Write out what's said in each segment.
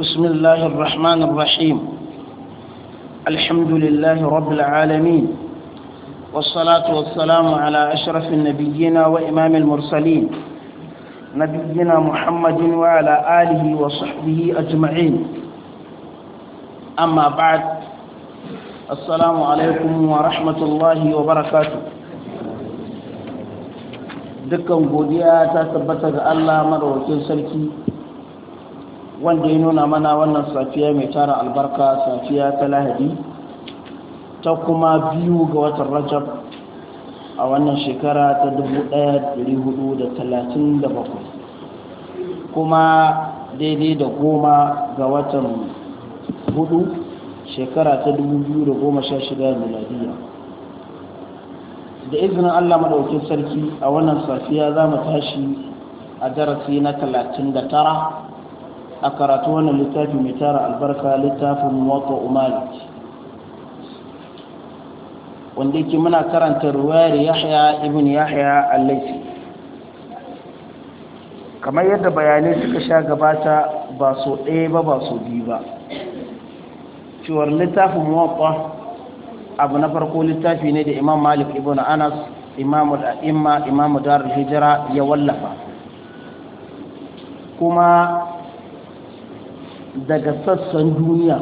بسم الله الرحمن الرحيم الحمد لله رب العالمين والصلاة والسلام على أشرف النبيين وإمام المرسلين نبينا محمد وعلى آله وصحبه أجمعين أما بعد السلام عليكم ورحمة الله وبركاته دكم بوديا تثبت الله ga Allah wanda ya nuna mana wannan safiya mai tara albarka safiya ta lahadi ta kuma biyu ga watan rajab a wannan shekara ta 1437 kuma daidai da goma ga watan hudu shekara ta 2016 miladiya da izinin allah maɗaukin sarki a wannan safiya za mu tashi a darasi na 39 a karatu wannan littafi mai tara albarka littafin Mwaka umarit wanda ke muna karanta ruwayar yahya ibn yahya allaisi kamar yadda bayanai suka sha gabata ba so ɗaya ba ba so biyu ba cewar littafin Mwaka, abu na farko littafi ne da imam malik ibn anas imamu da'imma imamu darul hijira ya wallafa kuma daga sassan duniya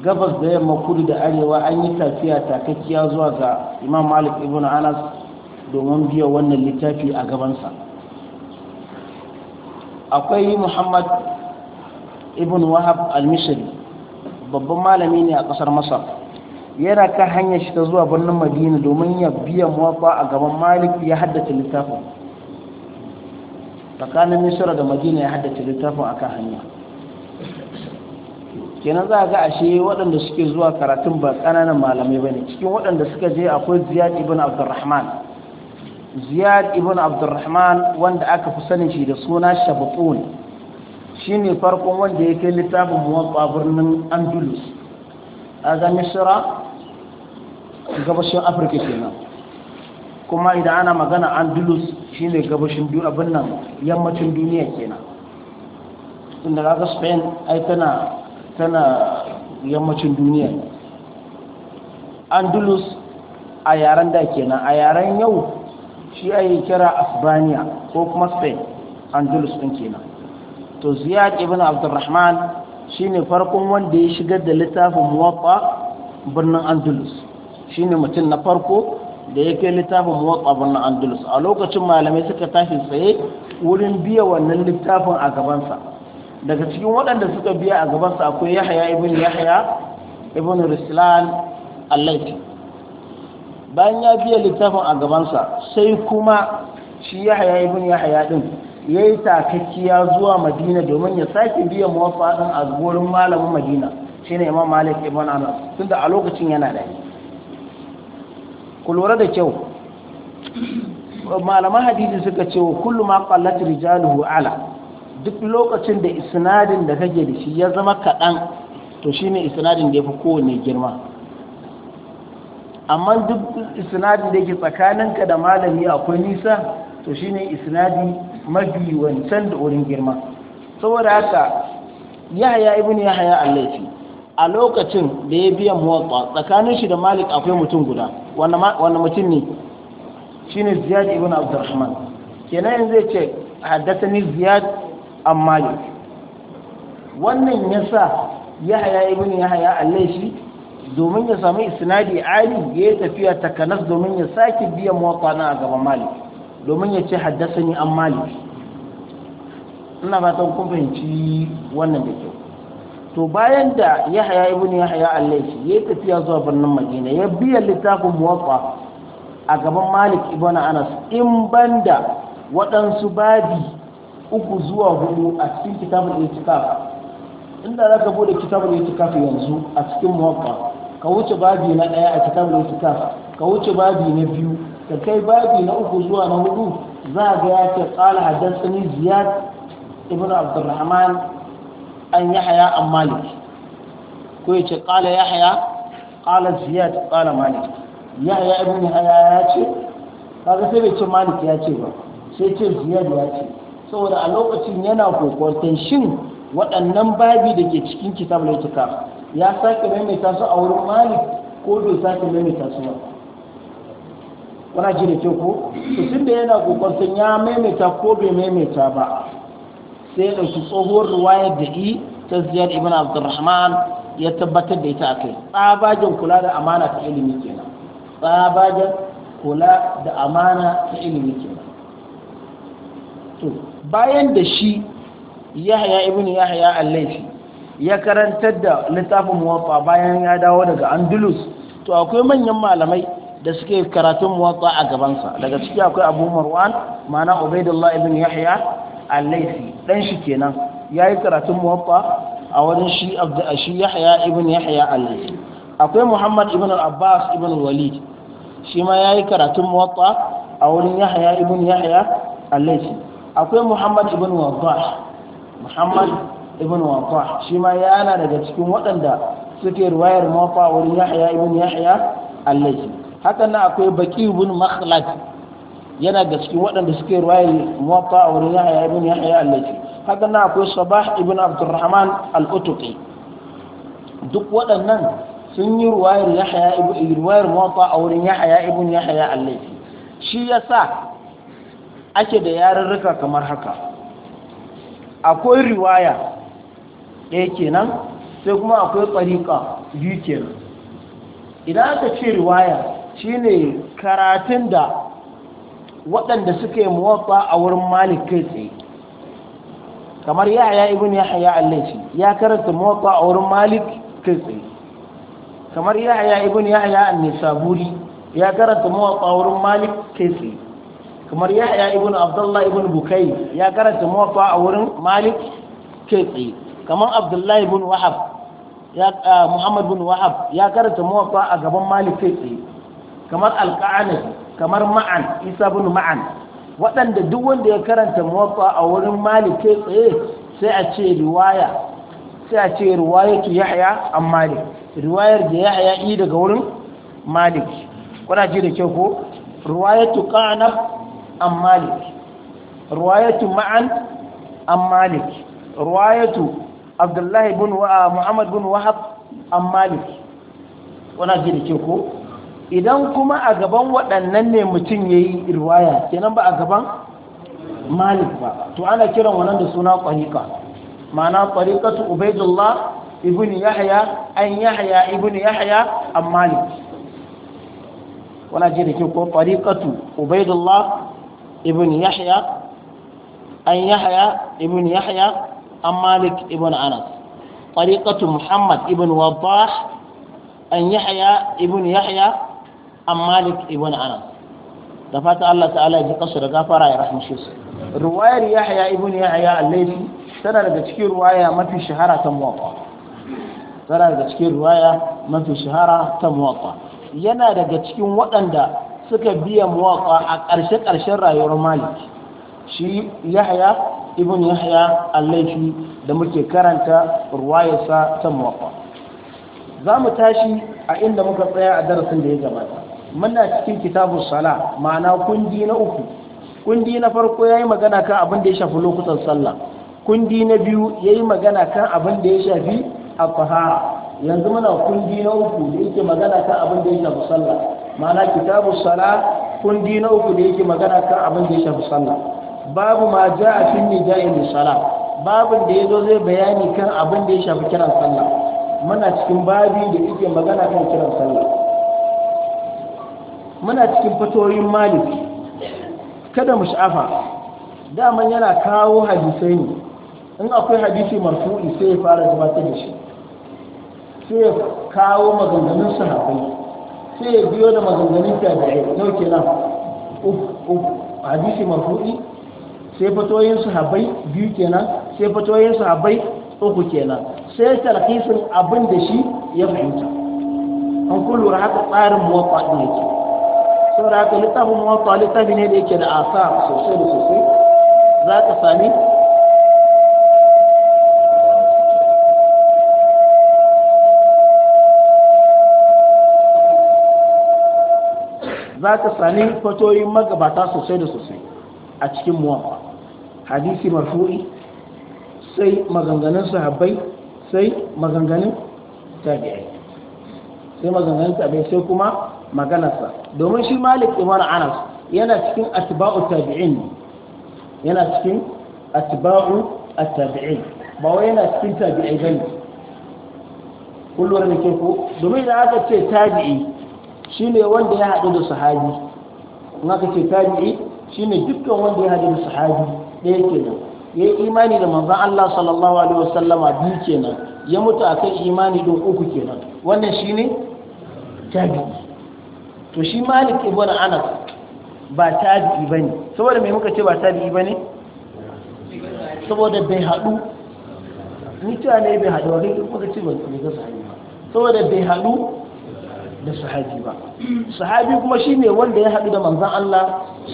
gabas da yamma kudu da arewa an yi tafiya takakkiya zuwa ga imam malik ibn anas domin biya wannan littafi a gabansa akwai muhammad ibn wahab al-mishri babban malami ne a kasar masar yana kan hanyar shi ta zuwa birnin madina domin ya biya mawafa a gaban malik ya haddace littafin tsakanin misira da madina ya haddace littafin akan hanya kenan za a ga ashe waɗanda suke zuwa karatun ba ƙananan malamai ba ne cikin waɗanda suka je akwai ziyad ibn abdurrahman ziyad ibn abdurrahman wanda aka fi sanin shi da suna shabakun shi ne farkon wanda ya kai littafin muwatsa birnin andalus a ga misira gabashin afirka kenan kuma idan ana magana andalus shi ne gabashin abin nan yammacin duniya kenan inda ga spain ai tana tana yammacin duniya andalus a yaren da kenan a yaren yau shi yi kira asbaniya ko kuma spain andalus ɗin kenan to ziyad ibn abdurrahman ne farkon wanda ya shigar da littafin muwaffa birnin andalus ne mutum na farko da ya kai littafin muwatsa birnin andalus a lokacin malamai suka tashi tsaye wurin biya wannan littafin a gabansa daga cikin waɗanda suka biya a gabansa akwai yahaya ibn yahaya ibn rislan allaiti bayan ya biya littafin a gabansa sai kuma shi yahaya ibn yahaya din ya yi takakkiya zuwa madina domin ya sake biya mawafa ɗin a gurin malamin madina shi ne imam malik ibn anas tunda a lokacin yana da ku lura da kyau malaman hadisi suka ce wa kullum ma qallat rijaluhu ala duk lokacin da isnadin da kake da shi ya zama kaɗan to shi ne isnadin da ya fi kowane girma amma duk isnadin da yake tsakaninka da malami akwai nisa to shi ne isnadi mafi wancan da wurin girma saboda haka yahaya ibn yahaya allafi a lokacin da ya biya muwatsa tsakanin shi da malik akwai mutum guda wanda mutum ne shi ne ziyad ibn abdurrahman kenan zai ce haddasa ni ziyad an malik wannan ya sa yahaya ibn yahaya allai shi domin ya sami isnadi ali ya yi tafiya takanas domin ya sake biyan mawaka na a gaban malik domin ya ce haddasa ni an malik ina fatan kun fahimci wannan da kyau to bayan da ya yahaya ibn yahaya allai shi, ya yi tafiya zuwa birnin madina ya biya littafin mawaka a gaban malik ibn anas in banda waɗansu babi uku zuwa hudu a cikin kitabun itikaf inda zaka bude kitabun itikaf yanzu a cikin muwaffa ka wuce babi na daya a kitabun itikaf ka wuce babi na biyu ka kai babi na uku zuwa na hudu za ga ya ce qala hadathani ziyad ibn abdurrahman an yahya an malik ko ya ce qala yahya qala ziyad qala malik yahya ibn yahya ya ce kaga sai bai ce malik ya ce ba sai ce ziyad ya ce saboda a lokacin yana kokwanton shin waɗannan babi da ke cikin kitab laitika ya sake maimaita su a wurin malik ko bai sake maimaita su ba wana ji da kyau ko sun da yana kokwanton ya maimaita ko bai maimaita ba sai da ɗauki tsohuwar ruwaya da i ta ziyar ibn abdurrahman ya tabbatar da ita a kai tsabagen kula da amana ta ilimi kenan bayan da shi yahya ibn Yahaya al-laifi ya karantar da littafin muwaffa bayan ya dawo daga andalus to akwai manyan malamai da suke karatun muwaffa a gabansa daga ciki akwai abu marwan mana ubaidullah ibn yahya al-laifi dan shi kenan yayi karatun muwaffa a wurin shi shi yahya ibn yahya al-laifi akwai muhammad ibn al-abbas ibn walid shi ma yayi karatun muwaffa a wurin yahya ibn yahya al-laifi akwai muhammad ibn waddah muhammad ibn waddah shi ma yana daga cikin waɗanda suke ruwayar mawafa wurin yahya ibn yahya allahi Haka na akwai baki ibn makhlad yana da cikin waɗanda suke ruwayar mawafa a wurin yahya ibn yahya allahi Haka na akwai sabah ibn abdurrahman al-utuqi duk waɗannan sun yi ruwayar yahya ibn ruwayar mawafa a wurin yahya ibn yahya allahi shi yasa ake da yarurruka kamar haka akwai riwaya ɗaya kenan sai kuma akwai tsarika biyu kenan idan aka ce riwaya shi ne karatun da waɗanda suka yi muwaffa a wurin malik kai tsaye kamar yahaya ibn yahaya allaci ya karanta muwafa a wurin malik kai tsaye kamar yahaya ya yahaya an-nisaburi ya karanta muwafa a wurin malik kai tsaye kamar yahya ibn abdullah ibn bukai ya karanta muwatta a wurin malik kai kamar abdullah ibn wahab ya muhammad ibn wahab ya karanta muwatta a gaban malik kai tsaye kamar alqa'ani kamar ma'an isa ibn ma'an waɗanda duk wanda ya karanta muwatta a wurin malik kai sai a ce riwaya sai a ce riwaya riwayatu yahya a malik riwayar da yahya yi daga wurin malik kuna ji da kyau ko riwayatu qanab an ruwayatu ma'an an ruwayatu abdullahi bin ah, muhammad bin wahab an malik wana ji da ke ko idan kuma a gaban waɗannan ne mutum ya yi ruwaya kenan ba a gaban malik ba to ana kiran wannan da suna ƙwariƙa ma'ana ƙwariƙatu ubaidullah ibn yahya an yahya ibn yahya an malik wana ji da ke ko ƙwariƙatu ubaidullah ibn yahya an yahya ibn yahya an malik ibn anas tariqatu muhammad ibn wadah an yahya ibn yahya an malik ibn anas da fata allah ta'ala ji kasu da gafara ya rahmu shi ruwayar yahya ibn tana daga cikin ruwaya mafi shahara ta muwatta yana daga cikin waɗanda suka biya muwaƙa a ƙarshe-ƙarshen rayuwar malik shi yahya ibn yahya allaifi da muke karanta ruwayarsa ta muwaƙa za mu tashi a inda muka tsaya a darasin da ya gabata muna cikin kitabun sala ma'ana kundi na uku kundi na farko ya yi magana kan abin da ya shafi lokutan sallah kundi na biyu ya yi magana kan abin da ya shafi a yanzu muna kundi na uku da yake magana kan abin da ya shafi sallah ma'ana kitabu sala kundi na uku da yake magana kan abin da ya shafi sallah babu ma ja a fin nija'in sala babu da ya zo zai bayani kan abin da ya shafi kiran sallah muna cikin babi da yake magana kan kiran sallah muna cikin fatoyin malik kada mu sha'afa daman yana kawo hadisai ne in akwai hadisi marfu'i sai ya fara ta da shi sai ya kawo maganganun sahabbai sai ya biyo da maganganun tabi'ai nau kenan hadisi mafudi sai fatoyin sahabbai biyu kenan sai fatoyin sahabbai uku kenan sai talhisin abin da shi ya fahimta an kullura haka tsarin muwatta din yake saboda haka littafin muwatta littafi ne da yake da asa sosai da sosai za ka sami za ka sami fatoyin magabata sosai da sosai a cikin muwafa hadisi marfu'i sai maganganun sahabbai sai maganganun tabi'ai sai maganganun tabi'ai sai kuma maganarsa domin shi malik imar anas yana cikin atba'u tabi'in yana cikin atba'u tabi'in ba wai yana cikin tabi'ai bane kullum da ke ku, domin da aka ce tabi'i shine wanda ya haɗu da sahabi na aka ce tabi'i shine dukkan wanda ya haɗu da sahabi ɗaya kenan ya yi imani da manzon Allah sallallahu alaihi wasallama biyu kenan ya mutu akan imani don uku kenan wannan shine tabi'i to shi malik ibn anas ba tabi'i bane saboda me muka ce ba tabi'i bane saboda bai haɗu mutane bai haɗu kai kuma muka ce ba ga sahabi saboda bai haɗu. da sahabi ba sahabi kuma shine wanda ya haɗu da manzon Allah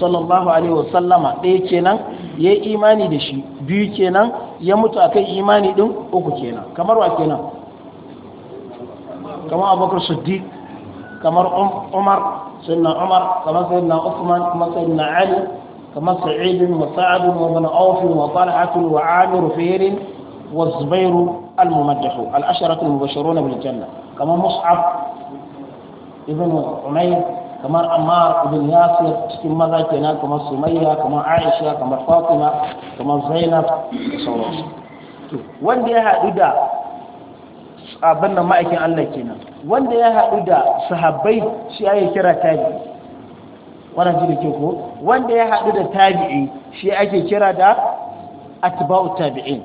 sallallahu alaihi wasallama ɗaya kenan ya yi imani da shi biyu kenan ya mutu a akan imani din uku kenan kamar wa kenan kamar abubakar siddiq kamar um, umar sayyidina umar kamar sayyidina usman kamar sayyidina ali kamar sa'id wa sa'ad wa ibn auf wa talha wa amir fihr wa zubair al-mumaddah al-asharatu al-mubashshirun bil janna kamar mus'ab ibn umayr kamar Ammar, ibn yasir cikin maza kenan kamar sumayya kamar aisha kamar fatima kamar zainab da sauransu wanda ya haɗu da abin da ma'aikin allah kenan wanda ya haɗu da sahabbai shi ake kira tabi wannan ji da ke ko wanda ya haɗu da tabi'i shi ake kira da atba'u tabi'in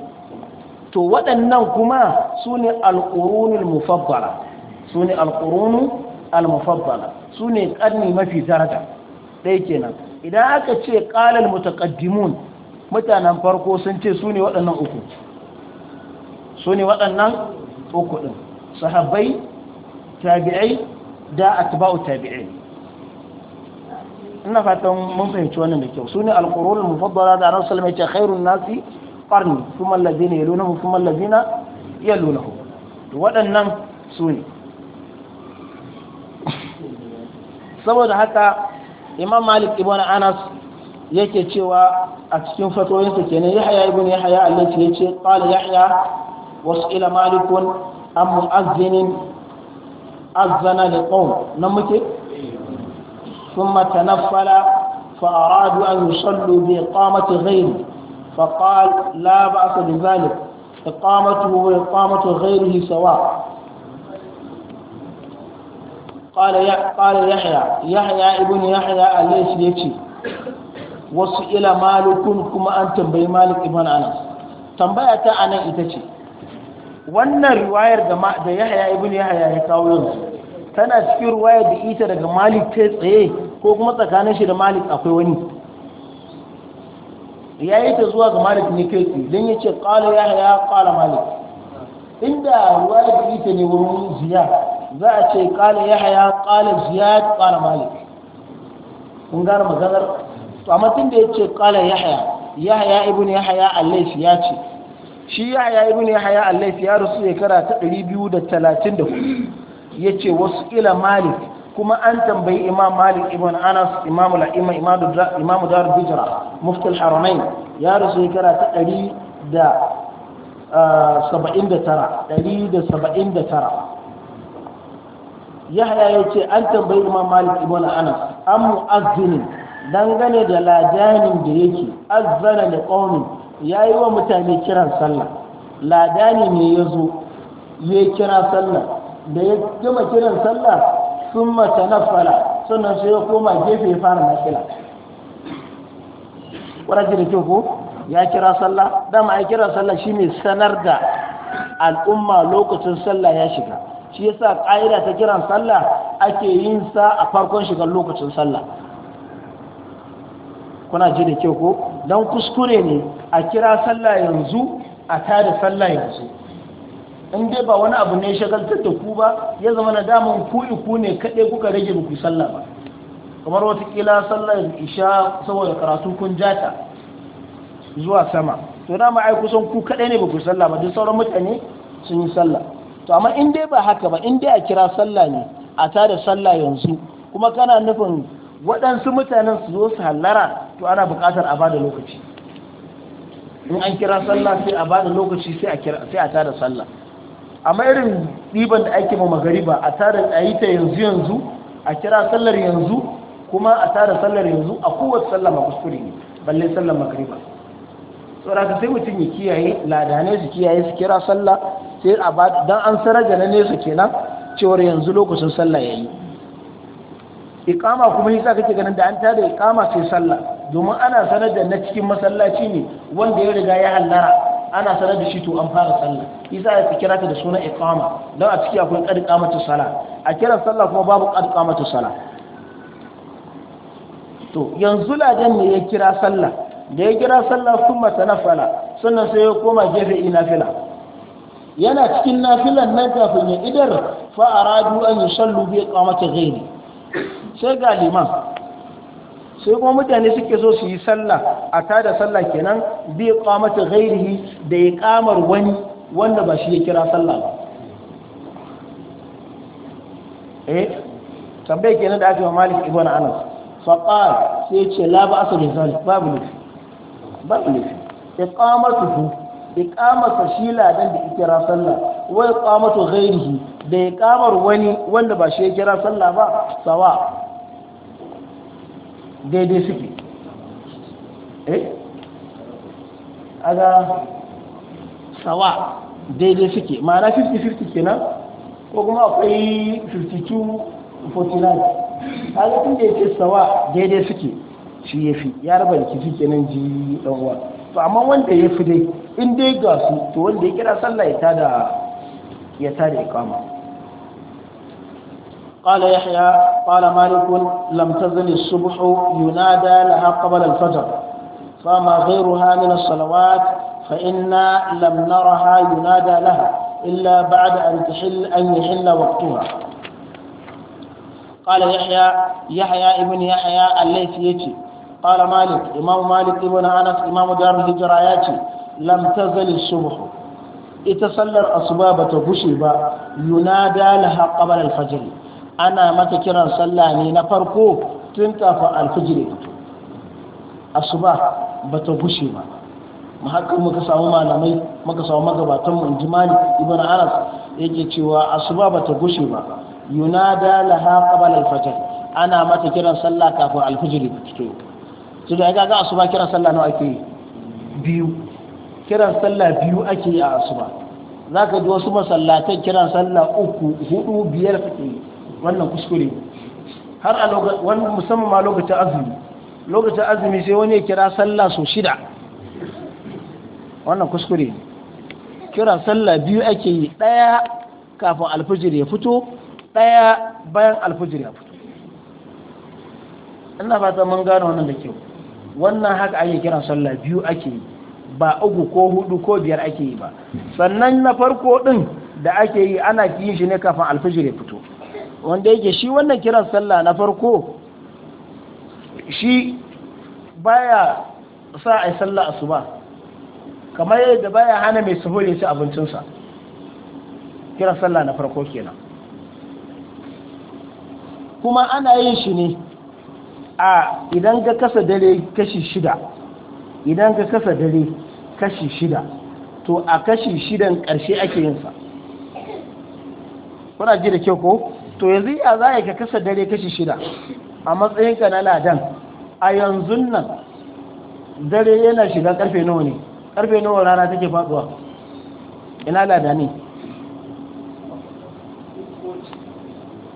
to waɗannan kuma su ne alƙurunul mufabbara su ne alƙurunul al-mufaddala sune karni mafi daraja dai kenan idan aka ce qala al-mutaqaddimun mutanen farko sun ce sune waɗannan uku sune waɗannan uku din sahabbai tabi'ai da atba'u tabi'ai ina fatan mun fahimci wannan da kyau sune al-qurun al-mufaddala da Annabi sallallahu alaihi wasallam ya ce khairun nasi qarni kuma allazina yalunahum kuma allazina yalunahum waɗannan su ne saboda haka imam malik ibn anas yake cewa a cikin fatoyinsa kenan ya haya ibn ya haya allah ce ya ce ƙwali ya haya wasu ila malikun an mu'azzinin azzana da ƙon nan muke sun mata na fara fara duwa yi sallu bi ƙamata ghairu faƙal la ba su da zalik ƙamata ghairu sawa قال يحيى يحيى ابن يحيى الليث يتي wasu ila malukun kuma an tambayi malik ibn anas tambaya ta anan ita ce wannan riwayar da da yahya ibn yahya ya kawo yanzu tana cikin riwayar da ita daga malik ta tsaye ko kuma tsakanin shi da malik akwai wani ya yi ta zuwa ga malik ne kai tsaye don ya ce kala yahya kala malik inda riwayar da ita ne wurin ziya za a ce ya haya qala ziyad qala malik kun gane maganar to amma tun da ya qala yahya yahya ibnu ya haya layth ya ce shi ya haya ibnu ya haya layth ya rusu shekara ta 234 ce wasu ila malik kuma an tambayi imam malik ibn anas imam al-a'imma imam dar hijra mufti al-haramain ya rusu shekara ta 100 da 79 ah, 179 yahya ya ce an tambayi imam malik ibn anas an mu'azzinin dangane da ladanin da yake azzana da qaumin yayi wa mutane kiran sallah ladani ne yazo ya kira sallah da ya gama kiran sallah summa tanaffala sannan sai ya koma gefe ya fara nafila wadace da kyau ko ya kira sallah dama ya kira sallah shine sanar da al'umma lokacin sallah ya shiga shi yasa ƙa'ida ta kiran sallah ake yin sa a farkon shiga lokacin sallah kuna ji da kyau ko don kuskure ne a kira sallah yanzu a tada sallah yanzu in dai ba wani abu ne shagaltar da ku ba ya zama na damun ku iku ne kaɗai kuka rage ba ku sallah ba kamar watakila sallar isha saboda karatu kun jata zuwa sama to dama ai kusan ku kaɗai ne ba ku sallah ba duk sauran mutane sun yi sallah to amma in dai ba haka ba in dai a kira sallah ne a tada sallah yanzu kuma kana nufin waɗansu mutanen su zo su hallara to ana buƙatar a ba da lokaci in an kira sallah sai a ba da lokaci sai a tada sallah amma irin ɗiban da ake ma magariba a tada a yi ta yanzu yanzu a kira sallar yanzu kuma a tada sallar yanzu a kowace sallah ma kuskure ne balle sallar magariba saboda sai mutum ya kiyaye ladane su kiyaye su kira sallah sai a ba dan an sanar da na nesa kenan cewar yanzu lokacin sallah yayi iqama kuma yasa kake ganin da an tada iqama sai sallah domin ana sanar da na cikin masallaci ne wanda ya riga ya hallara ana sanar da shi to an fara sallah yasa ya kira ta da sunan iqama dan a ciki akwai qad iqamatu sala a kiran sallah kuma babu qad iqamatu sala to yanzu ladan ne ya kira sallah da ya kira sallah kuma tanafala sannan sai ya koma gefe ina fila yana cikin nafilan nan kafin ya idar fa aradu an yusallu bi iqamati ghairi sai ga liman sai kuma mutane suke so su yi sallah a tada sallah kenan bi iqamati ghairihi da iqamar wani wanda ba shi ya kira sallah ba eh tambaye kenan da aka Malik ibn Anas fa qala sai ce la ba asu bi zalik babu ne babu ne iqamatuhu iqamata shi ladan da kira sallah wa iqamatu ghairihi da kamar wani wanda ba shi ya kira sallah ba sawa daidai suke eh aga sawa daidai suke ma'ana 50-50 kenan ko kuma akwai 52-49 aga tun da yake sawa daidai suke shi ya fi ya raba da kifi kenan ji ɗanwa to amma wanda ya fi dai in dai ga su to wanda ya kira sallah ya tada ya tada iqama qala yahya qala malik lam tazni as-subh yunada laha qabla al-fajr fama ghayruha min as-salawat fa inna lam naraha yunada laha illa ba'da an tahill an yahilla waqtaha قال يحيى يحيى ابن يحيى الليثي قال مالك امام مالك ابن انس امام دار الهجره ياتي lam tazali subhu ita sallar asuba bata gushe ba yunada laha qabla al-fajr ana mata kiran sallah ne na farko tun kafin al-fajr asuba bata gushe ba mu haka muka samu malamai muka samu magabatan mu inji malik ibn anas yake cewa asuba bata gushe ba yunada laha qabla al-fajr ana mata kiran sallah kafin al-fajr ta fito to da ga asuba kiran sallah nawa ake biyu kiran sallah biyu ake yi a asuba za ka ji wasu masallatan kiran sallah uku hudu biyar fiye wannan kuskure har a wannan musamman ma lokacin azumi lokacin azumi sai wani ya kira sallah so shida wannan kuskure kiran sallah biyu ake yi ɗaya kafin alfijir ya fito ɗaya bayan alfijir ya fito ina fata mun gane wannan da kyau wannan haka ake kiran sallah biyu ake yi ba uku ko hudu ko biyar ake yi ba sannan na farko din da ake yi ana yin shi ne kafin alfijir ya fito wanda yake shi wannan kiran sallah na farko shi baya sa a sallah asuba kamar yadda baya hana mai suhuri ya ci abincinsa kiran sallah na farko kenan kuma ana yin shi ne a idan ka kasa dare kashi shida idan ka kasa dare kashi shida to a kashi shidan ƙarshe ake yinsa kuna ji da kyau ko to yanzu ya za ka kasa dare kashi shida a matsayinka na ladan a yanzu nan dare yana shiga karfe nawa ne karfe nawa rana take faduwa ina lada ne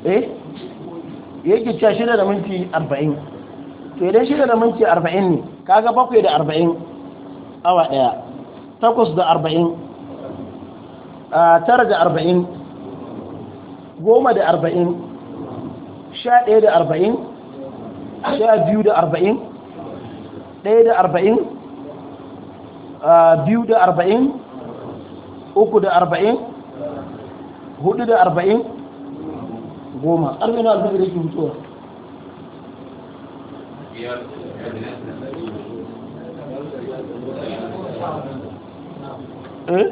eh yake cewa shida da minti arba'in to idan shida da minti arba'in ne kaga bakwai da arba'in awa ɗaya takwas da arba'in tara da arba'in goma da arba'in sha ɗaya da arba'in sha biyu da arba'in ɗaya da arba'in biyu da arba'in uku da arba'in hudu da arba'in goma arba'in na albin da ke mutuwa Eh?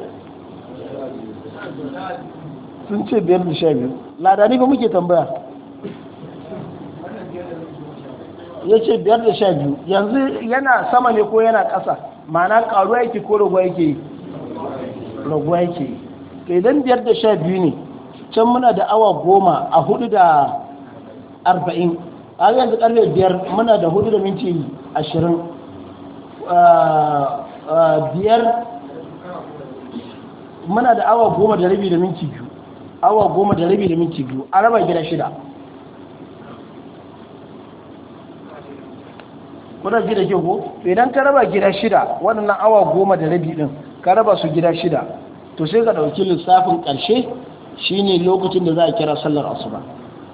sun ce biyar da sha biyu ladani ba muke tambaya ya ce biyar da sha biyu yanzu yana sama ne ko yana ƙasa ma'ana ƙaruwa yake ko raguwa yake yi raguwa yake yi to idan biyar da sha biyu ne can muna da awa goma a hudu da arba'in a yanzu karfe biyar muna da hudu da minti ashirin ah, biyar muna da awa goma da rabi da minti biyu awa goma da rabi da minti biyu a raba gida shida kuna gida ke ko idan ka raba gida shida waɗannan awa goma da rabi ɗin ka raba su gida shida to sai ka ɗauki lissafin ƙarshe shine lokacin da za a kira sallar ba,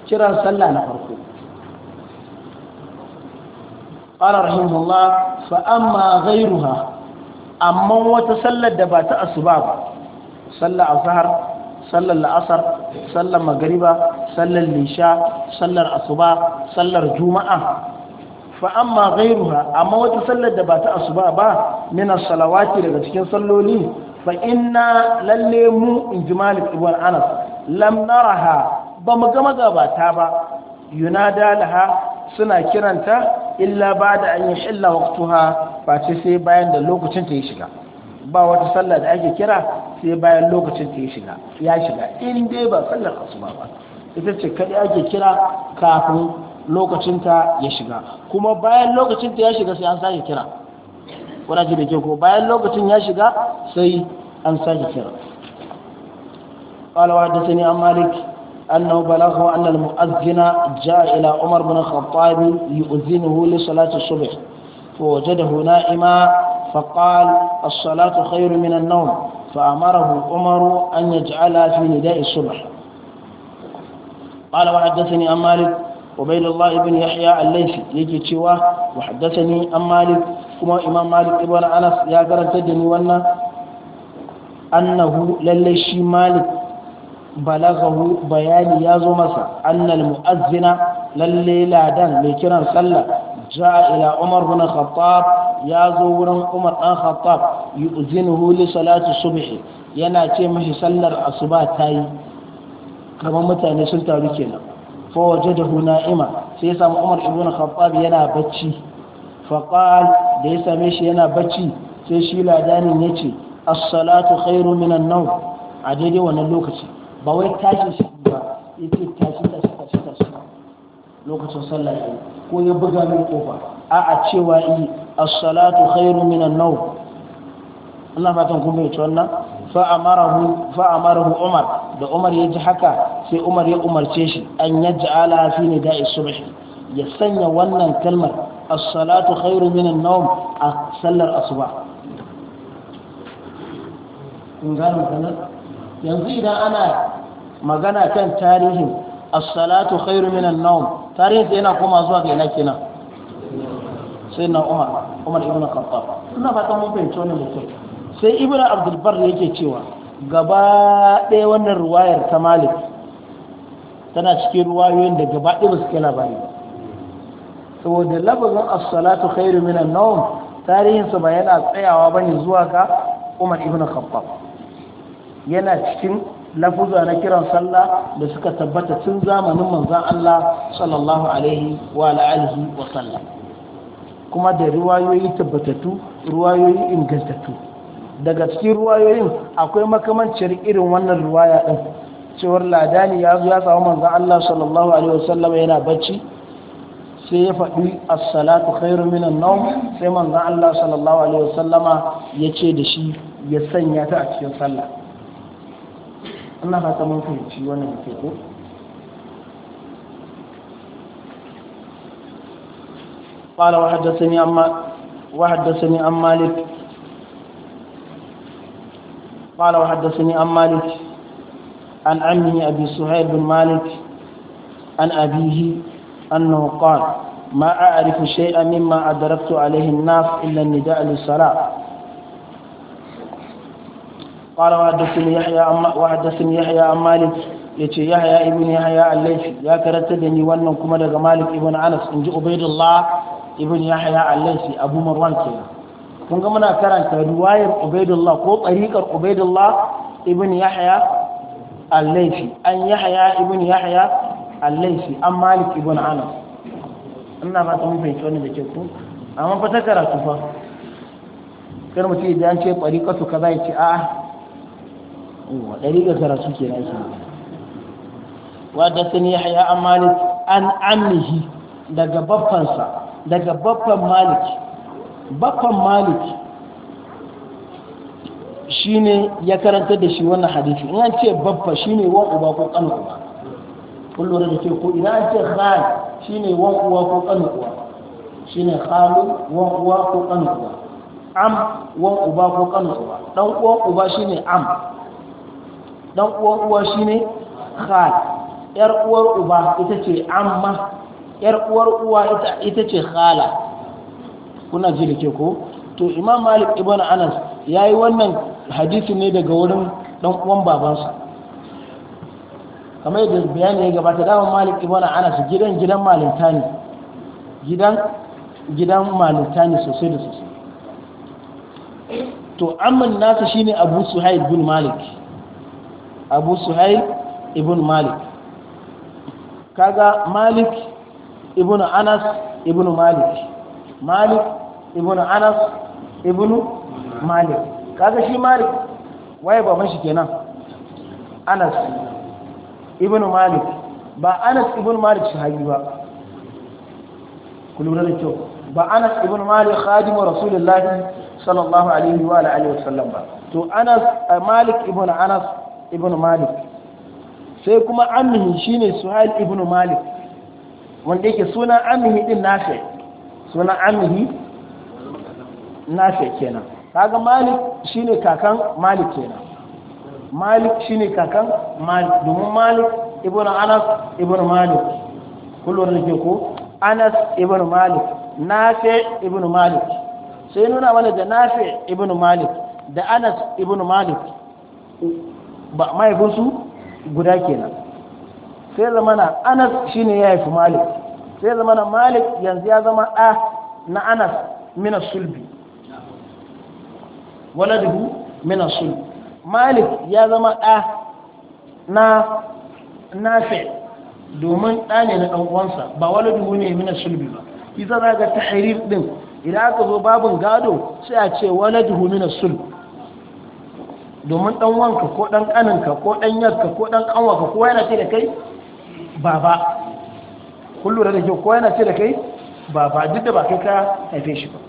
kiran sallah na farko قال رحمه الله فأما غيرها amma wata sallar da ba ta asuba ba sallar azhar sallar la'asar sallar magariba sallar lisha sallar asuba sallar juma'a fa amma ghairuha amma wata sallar da ba ta asuba ba min as-salawati daga cikin salloli fa inna lalle mu in ji malik ibn anas lam naraha ba mu ga magabata ba yunada laha suna kiranta illa ba da an yi shilla waktuha ba ce sai bayan da lokacin ta yi shiga ba wata sallah da ake kira sai bayan lokacin ta yi shiga ya shiga in dai ba sallar asuba ba ita ce kadai ake kira kafin lokacin ta ya shiga kuma bayan lokacin ta ya shiga sai an sake kira wadace da ke ko bayan lokacin ya shiga sai an sake kira قال وحدثني عن مالك أنه بلغه أن المؤذن جاء إلى عمر بن الخطاب يؤذنه لصلاة الصبح فوجده نائما فقال الصلاة خير من النوم فأمره عمر أن يجعلها في نداء الصبح قال وحدثني أم مالك وبيد الله بن يحيى الليثي يجي تشوا وحدثني أم مالك كما إمام مالك ابن أنس يا قرأت دني أنه لليش مالك balaghahu bayani ya zo masa annal mu'azzina lalle ladan mai kiran sallah ja'a ila umar bin khattab ya zo wurin umar dan khattab yu'zinuhu li salati subh yana ce mashi sallar asuba tayi kamar mutane sun taru kenan fa wajadahu na'ima sai ya samu umar ibn khattab yana bacci fa qal da ya same shi yana bacci sai shi ladanin yace as-salatu khairu minan nawm a daidai wannan lokaci ba wai tashin shi ba ya ce tashi tashi tashi tashi lokacin sallah ya yi ko ya buga min kofa a a cewa yi as-salatu khairu min an-nawm Allah fatan kun bai wannan fa amarahu fa amarahu Umar da Umar ya ji haka sai Umar ya umarce shi an yaj'ala fi nida'i subh ya sanya wannan kalmar as-salatu khairu min an-nawm a sallar asuba kun gano kana yanzu idan ana magana kan tarihin as-salatu khairu min an-nawm tarihin yana koma zuwa ga yana kenan sai na Umar Umar ibn Khattab ba fatan mun ne mutum sai Ibn Abdul Barr yake cewa gaba ɗaya wannan ruwayar ta Malik tana cikin ruwayoyin da gaba ɗaya ba su kai labari saboda labarin as-salatu khairu min an-nawm tarihinsa ba yana tsayawa bane zuwa ga Umar ibn Khattab yana cikin lafuza na kiran sallah da suka tabbata tun zamanin manza Allah sallallahu alaihi wa alihi wa sallam kuma da riwayoyi tabbatattu riwayoyi ingantattu daga cikin riwayoyin akwai makamancin irin wannan ruwaya din cewar ladani ya zo ya samu manzon Allah sallallahu alaihi wa sallam yana bacci sai ya faɗi as-salatu khairu minan nawm sai manza Allah sallallahu alaihi wa sallama yace da shi ya sanya ta a cikin sallah ina ba ta mun fahimci wannan ke ko قال وحدثني أما وحدثني عن مالك قال وحدثني عن مالك عن عمه أبي سهيل بن مالك عن أبيه أنه قال ما أعرف شيئا مما أدركت عليه الناس إلا النداء للصلاة قال وحدثني يحيى وحدثني يحيى عن مالك yace yahya ibn yahya al-laythi ya karanta da ni wannan kuma daga malik ibn anas inji ubaydullah ibn yahya al-laythi abu marwan ke kun ga muna karanta riwayar ubaydullah ko tariqar ubaydullah ibn yahya al-laythi an yahya ibn yahya al-laythi am malik ibn anas ina ba ta mun fahimci wannan da ke ku amma fa ta karatu fa kar mutum idan ce tariqatu kaza yace a'a ɗariƙar tara suke na ake wadda sun yi ya an malik an amihi daga baffansa daga baffan malik baffan malik shi ne ya karanta da shi wannan hadithi? in an ce baffa shi ne wan uba ko ƙan uba kun lura da ke ko ina an ce khan shi ne wan uwa ko ƙan uwa shi ne khalu wan uwa ko ƙan uwa am wan uba ko ƙan uba ɗan uwan uba shi ne am dan uwan uwa shine khal yar uwar uba ita ce amma yar uwar uwa ita ce khala kuna ji da ke ko to imam malik ibn anas yayi wannan hadisi ne daga wurin dan uwan babansa kamar yadda bayani ya gabata dama malik ibn anas gidan gidan malinta ne gidan gidan malinta ne sosai da sosai to amman nasa shine abu suhaib bin malik abu suhail ibn malik kaga malik ibn anas ibn malik malik ibn anas ibn malik kaga shi malik waye baban shi kenan anas ibn malik ba anas ibn malik sahabi ba ku lura da kyau ba anas ibn malik khadimu rasulullahi sallallahu alaihi wa alihi wasallam ba to anas eh, malik ibn anas ibn malik sai kuma amini shine suhail ibn malik wanda yake sunan amini din nafi sunan amini nafi kenan kaga malik shine kakan malik kenan malik shine kakan malik domin malik ibn anas ibn malik kullum da ke ko anas ibn malik nafi ibn malik sai nuna mana da nafi ibn malik da anas ibn malik ba mahaifinsu guda kenan sai zamana anas shine ya haifi malik sai zamana malik yanzu ya zama a na anas mina sulbi minasulbi mina sulbi malik ya zama a na nafi domin dane ne na ɗan'uwansa ba waladuhu ne mina sulbi ba isa za ga tahrif din idan aka zo babin gado sai a ce waladuhu mina sulbi domin ɗan wanka ko ɗan ƙaninka, ko ɗan yarka ko ɗan kanwarka ko yana ce da kai baba ba lura da kyau ko yana ce da kai baba duk da ba kai ka haife shi ba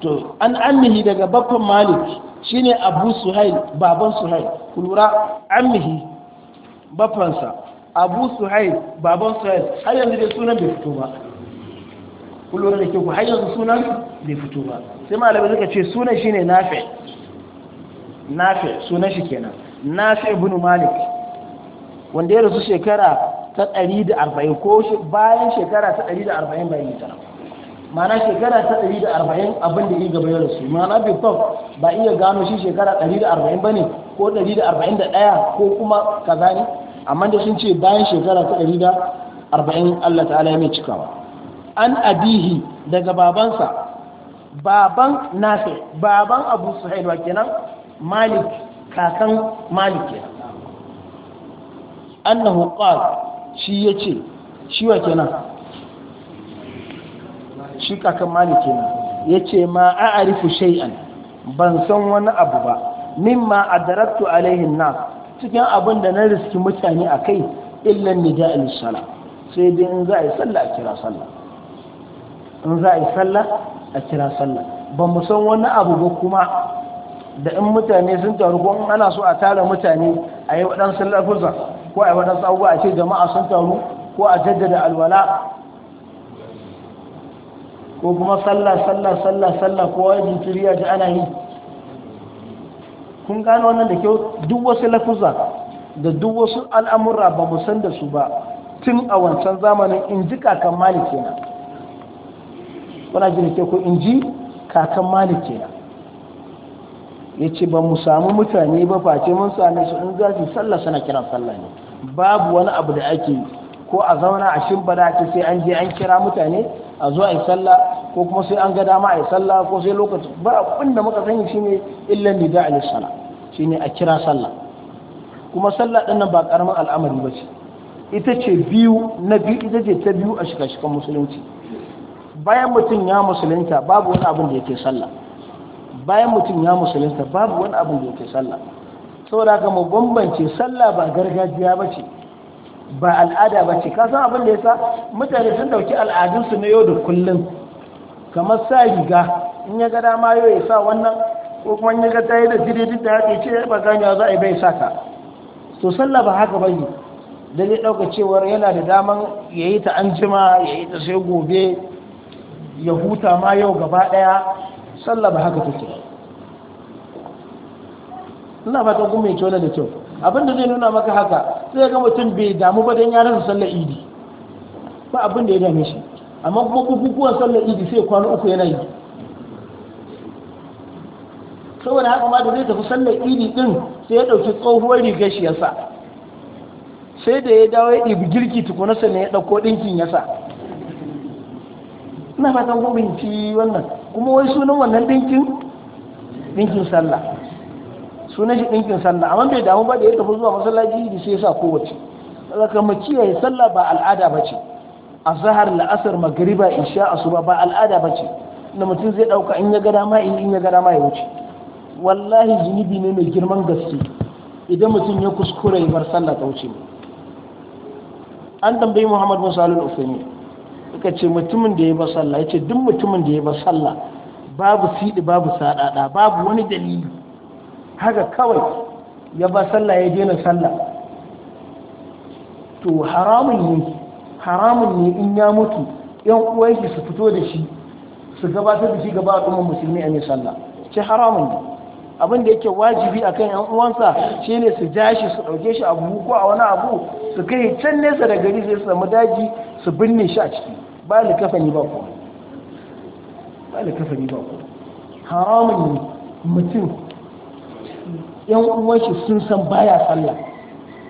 to an ammihi daga babban malik shine abu suhail baban suhail ku lura ammihi babbansa abu suhail baban suhail har yanzu dai sunan bai fito ba ku lura da kyau ku har yanzu sunan bai fito ba sai malamai suka ce sunan shine nafi' Nafe sunan shi kenan Nafe ibn malik wanda ya rasu shekara ta 140 ko bayan shekara ta 140 bayan hijira mana shekara ta 140 abin da ya gaba ya rasu mana bitof ba iya gano shi shekara 140 bane ko 141 ko kuma kaza ne amma da sun ce bayan shekara ta 140 Allah ta'ala ya mai cikawa an abihi daga babansa baban nafi baban abu wa kenan مالك kakan malik ya قال شي shi yace وكنا شي كاكن مالك ما شيئا ma a'rifu shay'an ban san wani abu ba a daraktu alaihin na cikin abin da na riski mutane akai illa nida'il salat sai dai in za a yi sallah in za a yi sallah a kira sallah ba mu san wani abu ba kuma da in mutane sun taru ko ana so a tara mutane a yi waɗansu lafuzan ko a yi waɗansu abubuwa a ce jama'a sun taru ko a jaddada alwala ko kuma sallah sallah sallah sallah ko wani jinkiri ya ji ana yi kun gano wannan da kyau duk wasu lafuzan da duk wasu al'amura ba mu san da su ba tun a wancan zamanin in ji kakan malik kenan kuna ji ke ko in ji kakan malik kenan ya ce ba mu samu mutane ba face mun same su in za su sallah suna kiran sallah ne babu wani abu da ake ko a zauna a da ake sai an je an kira mutane a zo a yi sallah ko kuma sai an ga dama a yi sallah ko sai lokaci ba abin da muka sani shine illan nida a shi shine a kira sallah kuma sallah ɗin nan ba ƙaramin al'amari ba ce ita ce biyu na biyu ita ce ta biyu a shika-shikan musulunci bayan mutum ya musulunta babu wani abin da yake sallah bayan mutum ya musulunta babu wani abu da yake sallah saboda haka mu bambance sallah ba gargajiya ba ce ba al'ada ba ce kasan abin da ya sa mutane sun dauki al'adunsu na yau da kullun kamar sa riga in ya ga dama yau ya sa wannan ko kuma ya ga tayi da jiri ya da ya ce eh, ba ganewa za a yi bai saka to sallah ba haka bane da zai dauka cewar yana da daman yayi ta anjima yayi ta sai gobe ya huta ma yau gaba daya sallah ba haka take ina fata kun mai kyau da kyau abin da zai nuna maka haka sai ga mutum bai damu ba dan yaran sallar idi ba abin da ya dame shi amma kuma bukukuwan sallar idi sai kwana uku yana yi saboda haka ma da zai tafi sallar idi din sai ya dauki tsohuwar rigar shi ya sa sai da ya dawo ya ɗibi girki tukuna sannan ya ɗauko ɗinkin ya sa ina fatan gwamnati wannan kuma wai sunan wannan ɗinkin ɗinkin sallah sunan shi ɗinkin sallah amma bai damu ba da ya tafi zuwa masallaci da sai sa kowace zaka mu kiyaye sallah ba al'ada ba ce a zahar la'asar magariba isha asuba ba al'ada bace ce mutum zai ɗauka in ya gada ma in ya gada ma ya wuce wallahi zunubi ne mai girman gaske idan mutum ya kuskure ya bar sallah ta wuce an tambayi muhammad bin salul usaini suka ce mutumin da ya bar sallah yace duk mutumin da ya bar sallah babu siɗi, babu saɗaɗa babu wani dalili haka kawai ya ba sallah ya daina sallah to haramun ne haramun ne in ya mutu yan uwanki su fito da shi su gabatar da shi gaba a kuma musulmi a sallah ce haramun ne abin yake wajibi a kan yan uwansa shi ne su ja shi su ɗauke shi abu ko a wani abu su kai can nesa da gari sai su samu daji su binne shi a ciki ba kafani ba ko ba kafani ba ko haramun ne mutum yan uwan shi sun san baya sallah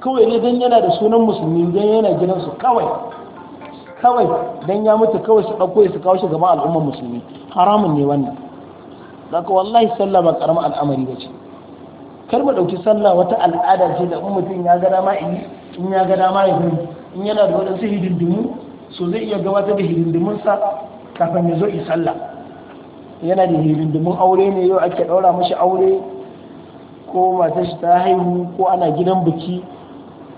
kawai ne dan yana da sunan musulmi dan yana gidansu kawai kawai dan ya mutu kawai su dauko su kawo shi gaba al'ummar musulmi haramun ne wannan daga wallahi sallah ba karamar al'amari ba kar mu dauki sallah wata al'ada ce da in mutum ya ga dama in in ya ga dama ya yi in yana da wadansu hidindimu so zai iya gabatar da hidindimun sa kafin ya zo yi sallah yana da hidindimun aure ne yau ake daura mashi aure ko matar shi ta haihu ko ana gidan biki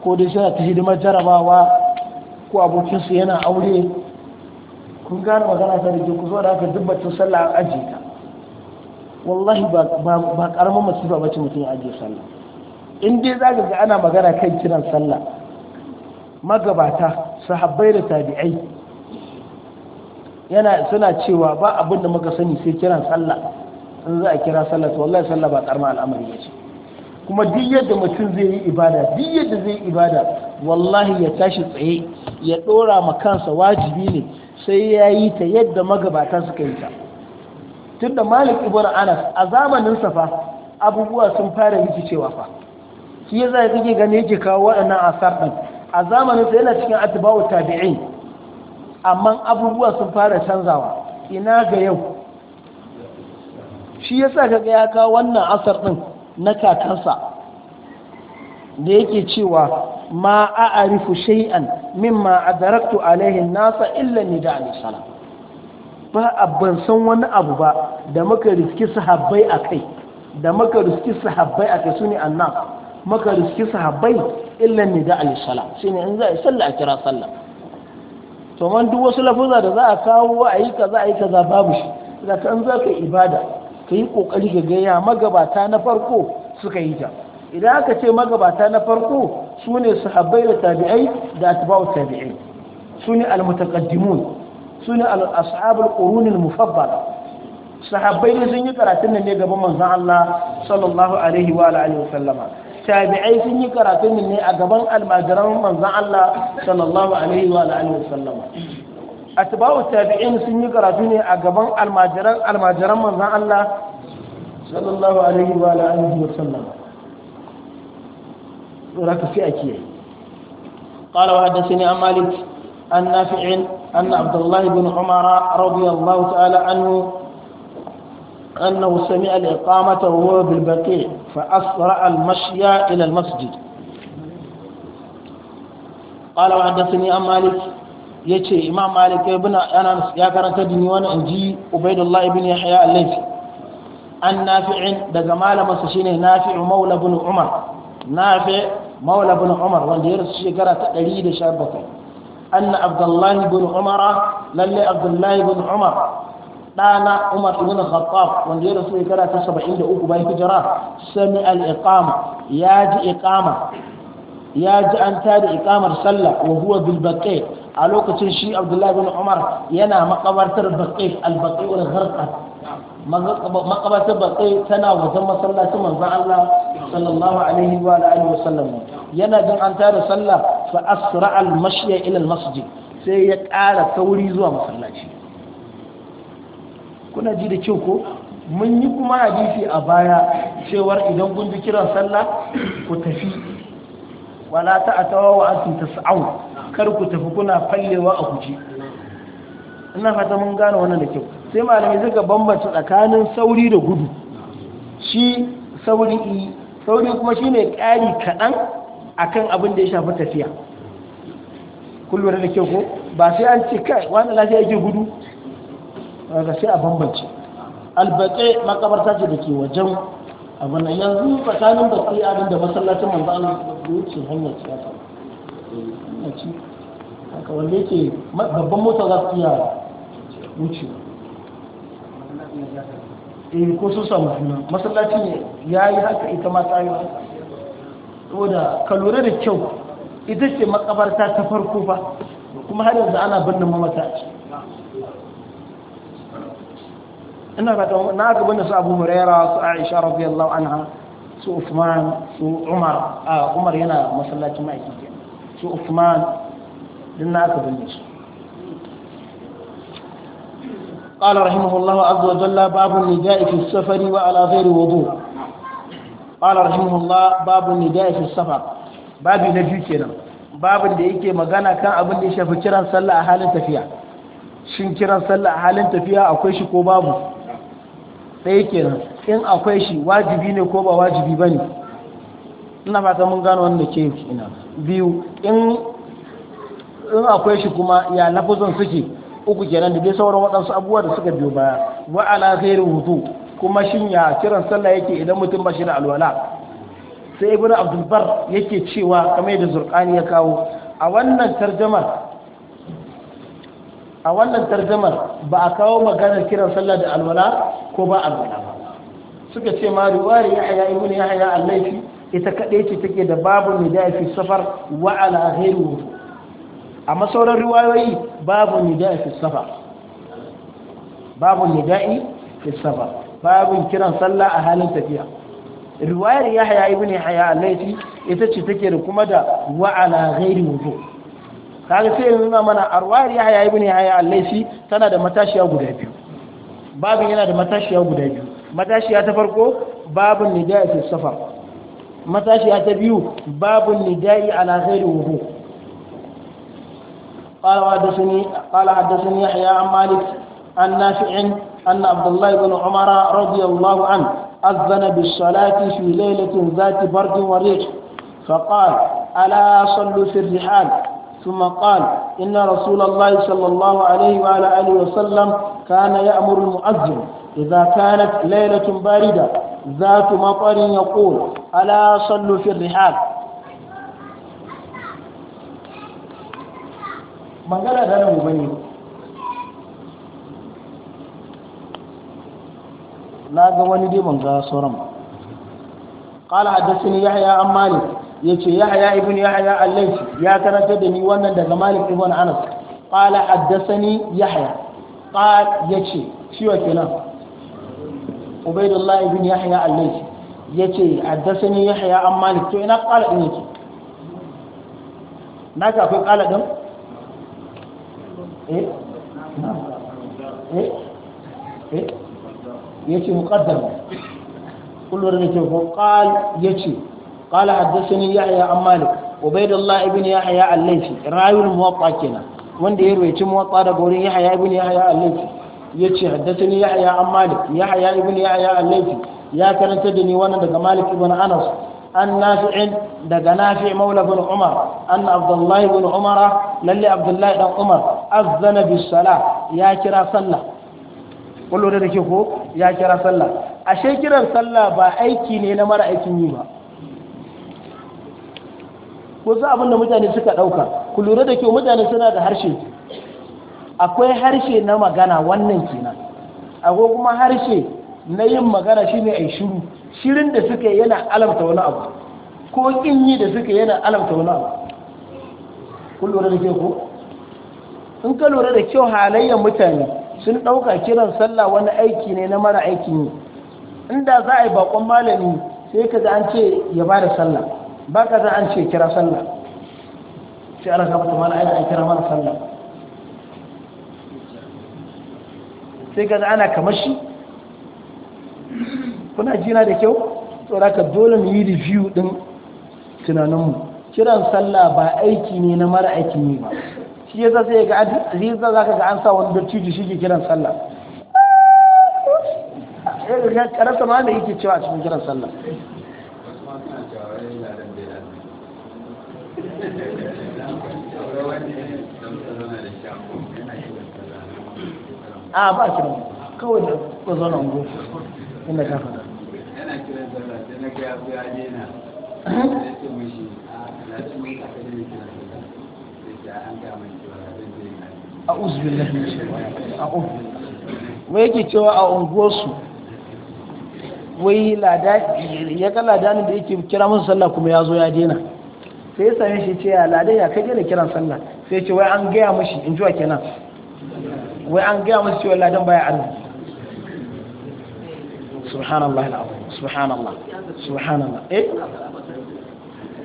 ko dai suna ta hidimar jarabawa ko abokinsu yana aure kun gane magana ta da ku zo da aka dubbatin sallah an ajiye ta wallahi ba karamin masifa ba ce mutum ya ajiye sallah in dai za ga ana magana kan kiran sallah magabata sahabbai da tabi'ai yana suna cewa ba abin da muka sani sai kiran sallah in za a kira sallah to wallahi sallah ba karma al'amari ba ce kuma duk yadda mutum zai yi ibada duk yadda zai yi ibada wallahi ya tashi tsaye ya dora ma kansa wajibi ne sai ya yi ta yadda magabata suka yi ta tunda malik ibn anas a zamanin sa fa abubuwa sun fara cewa fa shi ya zai kike gane yake kawo waɗannan asar din a zamanin sa yana cikin atbawu tabi'in amma abubuwa sun fara canzawa ina ga yau shi yasa kaga ya kawo wannan asar din na kakansa da yake cewa ma a'arifu shay'an mimma adaraktu alaihi nasa illa ni da salam ba abban san wani abu ba da maka riski sahabbai a kai da maka riski sahabbai a kai sune annas muka riski sahabbai illa nida'an salam shine in za a yi sallah a kira sallah to man duk wasu lafuza da za a kawo a yi za a yi kaza babu shi da kan za ka ibada ka yi ƙoƙari ga gaya magabata na farko suka yi ta idan aka ce magabata na farko su ne sahabbai da tabi'ai da atba'u tabi'ai su ne almutaqaddimun su ne ashabul qurunil mufaddala sahabbai ne sun yi karatun nan ne gaban manzon Allah sallallahu alaihi wa alihi wa tabi'ai sun yi karatun ne a gaban almajiran manzon Allah sallallahu alaihi wa alihi wa atba'u tabi'in sun yi karatu ne a gaban almajiran almajiran manzon Allah sallallahu alaihi wa alihi wa sallam raka sai ake قال وحدثني عن مالك عن نافع أن عبد الله بن عمر رضي الله تعالى عنه أنه سمع الإقامة وهو بالبقيع فأسرع المشي إلى المسجد قال وحدثني عن مالك ya ce imam malik ibn anas ya karanta da ni wani in ji ubaidullah ibn yahya al-laifi an nafi'in daga malamarsa shine nafi'u maula ibn umar nafi maula ibn umar wanda ya rasu shekara ta 117 anna abdullah ibn umar lalle abdullah ibn umar dana umar ibn khattab wanda ya rasu shekara ta 73 bayan hijira sami al-iqama ya ji iqama ya ji an tada iqamar sallah wa huwa bil baqi a lokacin shi abdullahi bin umar yana makabartar baƙi albakai wal gharqa makabartar bakai tana wajen masallaci manzon Allah sallallahu alaihi wa alihi wa sallam yana jin an tare sallah fa asra al mashya ila al masjid sai ya ƙara sauri zuwa masallaci kuna ji da kyau ko mun yi kuma hadisi a baya cewar idan kun ji kiran sallah ku tafi wala ta'atawa wa antum tas'un karku tafi kuna fallewa a guje ina fata mun gano wannan da kyau sai malamai suka bambanta tsakanin sauri da gudu shi sauri sauri kuma shine ƙari kaɗan akan abin da ya shafi tafiya kullum da kyau ko ba sai an ce kai wani lafiya yake gudu daga sai a bambance albaqe makabarta ce da ke wajen abin nan yanzu tsakanin baƙi abin da masallacin manzo Allah da wuce hanyar siyasa iya ci haka wanda yake babban mota za su iya wuce eh ko sun samu juna masallaci ne ya yi haka ita ma ta yi haka saboda ka lura da kyau ita ce makabarta ta farko ba kuma har yanzu ana binne mamata a ciki ina ga na ga binne su abu huraira su aisha radiyallahu anha su usman su umar a ah, umar yana masallacin ma'aikata su Usman din na aka binne su قال رحمه الله عز وجل باب النداء في السفر وعلى غير وضوء قال رحمه الله باب النداء في السفر babi na biyu kenan babin da yake magana kan abin da ya shafi kiran sallah a halin tafiya shin kiran sallah a halin tafiya akwai shi ko babu ɗaya kenan in akwai shi wajibi ne ko ba wajibi ba ne ina fata mun gano wanda ke ina biyu in akwai shi kuma ya lafazin suke uku kenan da dai sauran waɗansu abubuwa da suka biyo baya wa ala khairu hutu kuma shin ya kiran sallah yake idan mutum ba shi da alwala sai ibnu abdul bar yake cewa kamar da zurqani ya kawo a wannan tarjamar a wannan tarjamar ba a kawo maganar kiran sallah da alwala ko ba alwala ba suka ce ma riwayar yahya ibnu haya al-laifi ita kaɗai ce take da babu da fi safar wa ala ghairu amma sauran riwayoyi babu da fi safar babu da fi safar babu kiran sallah a halin tafiya riwayar yahya ibn yahya al-laiti ita ce take da kuma da wa ala ghairi kaga sai nuna mana arwayar yahya ibn yahya al-laiti tana da matashiya guda biyu babin yana da matashiya guda biyu matashiya ta farko ne da fi safar matashiya ta biyu babu nida'i ala ghairi wudu قال حدثني قال حدثني يحيى عن مالك عن نافع أن عبد الله بن عمر رضي الله عنه أذن بالصلاة في ليلة ذات برد وريح فقال ألا صلوا في الرحال ثم قال إن رسول الله صلى الله عليه وعلى آله وسلم كان يأمر المؤذن إذا كانت ليلة باردة ذات مطر يقول ألا صلوا في الرحال magana da nan gobe ne na ga wani dai ban ga sauran ba qala haddathani yahya an malik yace yahya ibn yahya al-laythi ya karanta da ni wannan daga malik ibn anas qala haddathani yahya qala yace shi wa kenan ubaidullah bin yahya al-laythi yace haddathani yahya an malik to ina qala din yake na ga akwai qala din eh eh eh yace muqaddam kullu da ke ko qal yace qala haddathani yahya an malik ubaidullah bin yahya al-laythi rawil muwatta kenan wanda ya rawaici muwatta daga wurin yahya bin yahya al yace haddathani yahya an malik yahya ibn yahya al-laythi ya karanta da ni wannan daga malik ibn anas an nafi'in daga nafi' maula ibn umar an abdullahi ibn umar lalle abdullahi dan umar azzana bis sala ya kira sallah kullu da ke ko ya kira sallah ashe kiran sallah ba aiki ne na mara aikin yi ba ko abin da mutane suka dauka ku lura da kyau mutane suna da harshe akwai harshe na magana wannan kenan akwai kuma harshe na yin magana shine ai shiru shirin da suka yana alamta wani abu ko kin yi da suka yana alamta wani abu kun lura da ke ko in ka lura da kyau halayyar mutane sun ɗauka kiran sallah wani aiki ne na mara aikin yi inda za a yi bakon malami sai ka ga an ce ya ba da sallah ba ka za an ce kira sallah sai ana kafa mana aiki kira mana sallah sai ga ana kamar shi kuna jina da kyau tsoraka dole mu yi review din tunaninmu kiran sallah ba aiki ne na mara aiki ne ba shi ya sai ga an za ka ga an sa wani dattijo shi ke kiran sallah eh, karasa ma da yake cewa a cikin kiran sallah a ba shi ne kawai da ko zo nan inda ka faɗa yana kiran zara yana na ga abu ya dena sai ce mishi a uzbin mun sai ta an ga cewa zan je wai yake cewa a unguwarsu wai lada ya ga ladanin da yake kira musu sallah kuma ya zo ya dena sai ya same shi ce ya ladan ya kai da kiran sallah sai ce wai an gaya mashi in jiwa kenan wai an gaya musu cewa ladan baya arziki subhanallah subhanallah subhanallah eh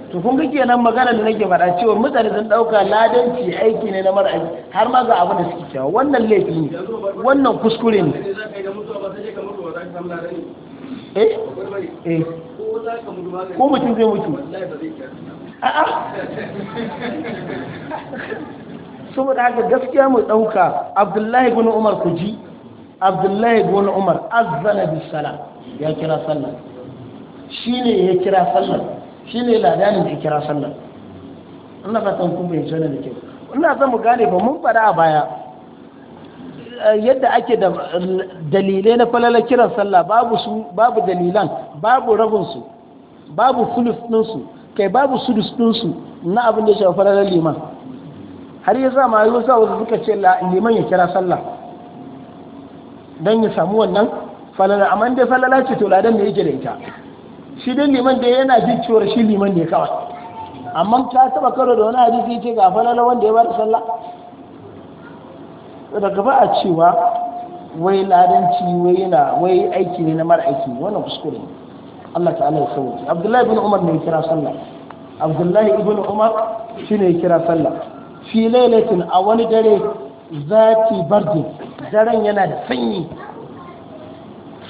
to kun ga kenan magana da nake faɗa cewa mutane sun ɗauka ladanci aiki ne na mara aiki har ma ga abin da suke cewa wannan laifi ne wannan kuskure ne eh eh ko mutum zai mutu a'a saboda haka gaskiya mu ɗauka abdullahi bin umar ku ji abdullahi bin umar azana bi sala ya kira sallah shi ne ya kira sallah shi ne ladanin ya kira sallah ina san kun bai jana da kyau ina son mu gane ba mun fada a baya eh, yadda ake da dalile na falala kiran sallah babu su babu dalilan babu rabun su babu fulus din su kai babu sudus din su na abin da ya shafi falalar liman har yi zama ma yi wasu wasu suka ce liman ya kira sallah don ya samu wannan falala amma dai falala ce to ladan da yake da ita shi dai liman da yana jin cewar shi liman ne kawai amma ta taba karo da wani hadisi ce ga falala wanda ya bada sallah da gaba a cewa wai ladanci wai yana wai aiki ne na mara aiki wannan kuskure ne Allah ta'ala ya sauke Abdullahi ibn Umar ne ya kira sallah Abdullahi ibn Umar shine ya kira sallah fi lailatin a wani dare zati barji, daren yana da sanyi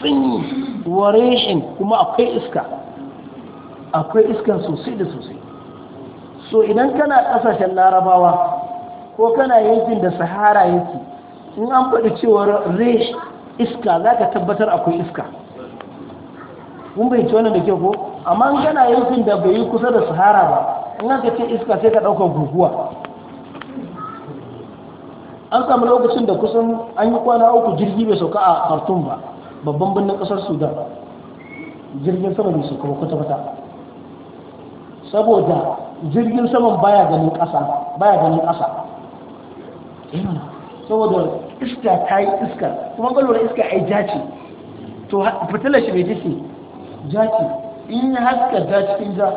sanyi wa kuma akwai iska akwai iska sosai da sosai so idan kana kasashen larabawa ko kana yankin da sahara yake in an faɗi cewar rish iska za ka tabbatar akwai iska mun bai ci wannan da ke ko amma in kana yankin da bai yi kusa da sahara ba in aka ce iska sai ka ɗaukar guguwa an samu lokacin da kusan an yi kwana uku jirgi bai sauka a khartoum ba babban birnin kasar sudan jirgin sama bai sauka ba kwata-kwata saboda jirgin saman baya ganin ƙasa baya ganin ƙasa eh saboda iska ta yi iska kuma kalwar iska ai jaci to fitilar shi mai jiki jaci in yi haska ta cikin ja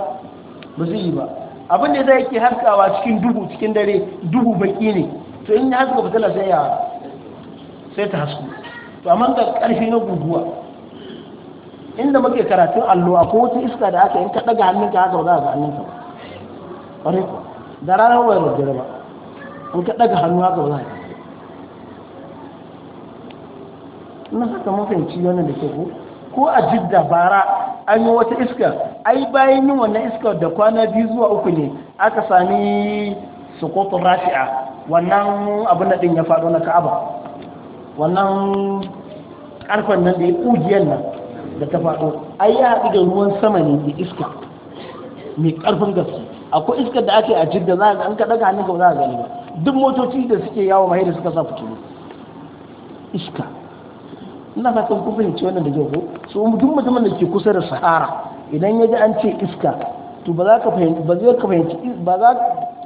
ba zai yi ba abin da zai ke haskawa cikin duhu cikin dare duhu baki ne to in ya haska fitila sai ya sai ta hasku to amma ga karfi na guguwa inda muke karatun allo a kowace iska da aka in ka daga hannunka haka ba za ga hannunka ba ƙwarai da ranar wayar da dare ba in ka daga hannu haka ba za ka na haka mafinci wannan da ke ko ko a jidda bara an yi wata iska ai bayan yin wannan iska da kwana biyu zuwa uku ne aka sami sukotun rafi'a wannan abin da ɗin ya faɗo na ka'aba wannan karfen nan da ya ƙugiyar nan da ta faɗo ai ya haɗu da ruwan sama ne da iska mai ƙarfin gaske akwai iskar da ake a jidda za a an ka ɗaga hannun ba za a gani ba duk motoci da suke yawo mai da suka sa tunu. iska ina fatan kun fahimci wannan da kyau ko so duk mutumin da ke kusa da sahara idan ya ji an ce iska to ba za ka fahimci ba za ka fahimci ba za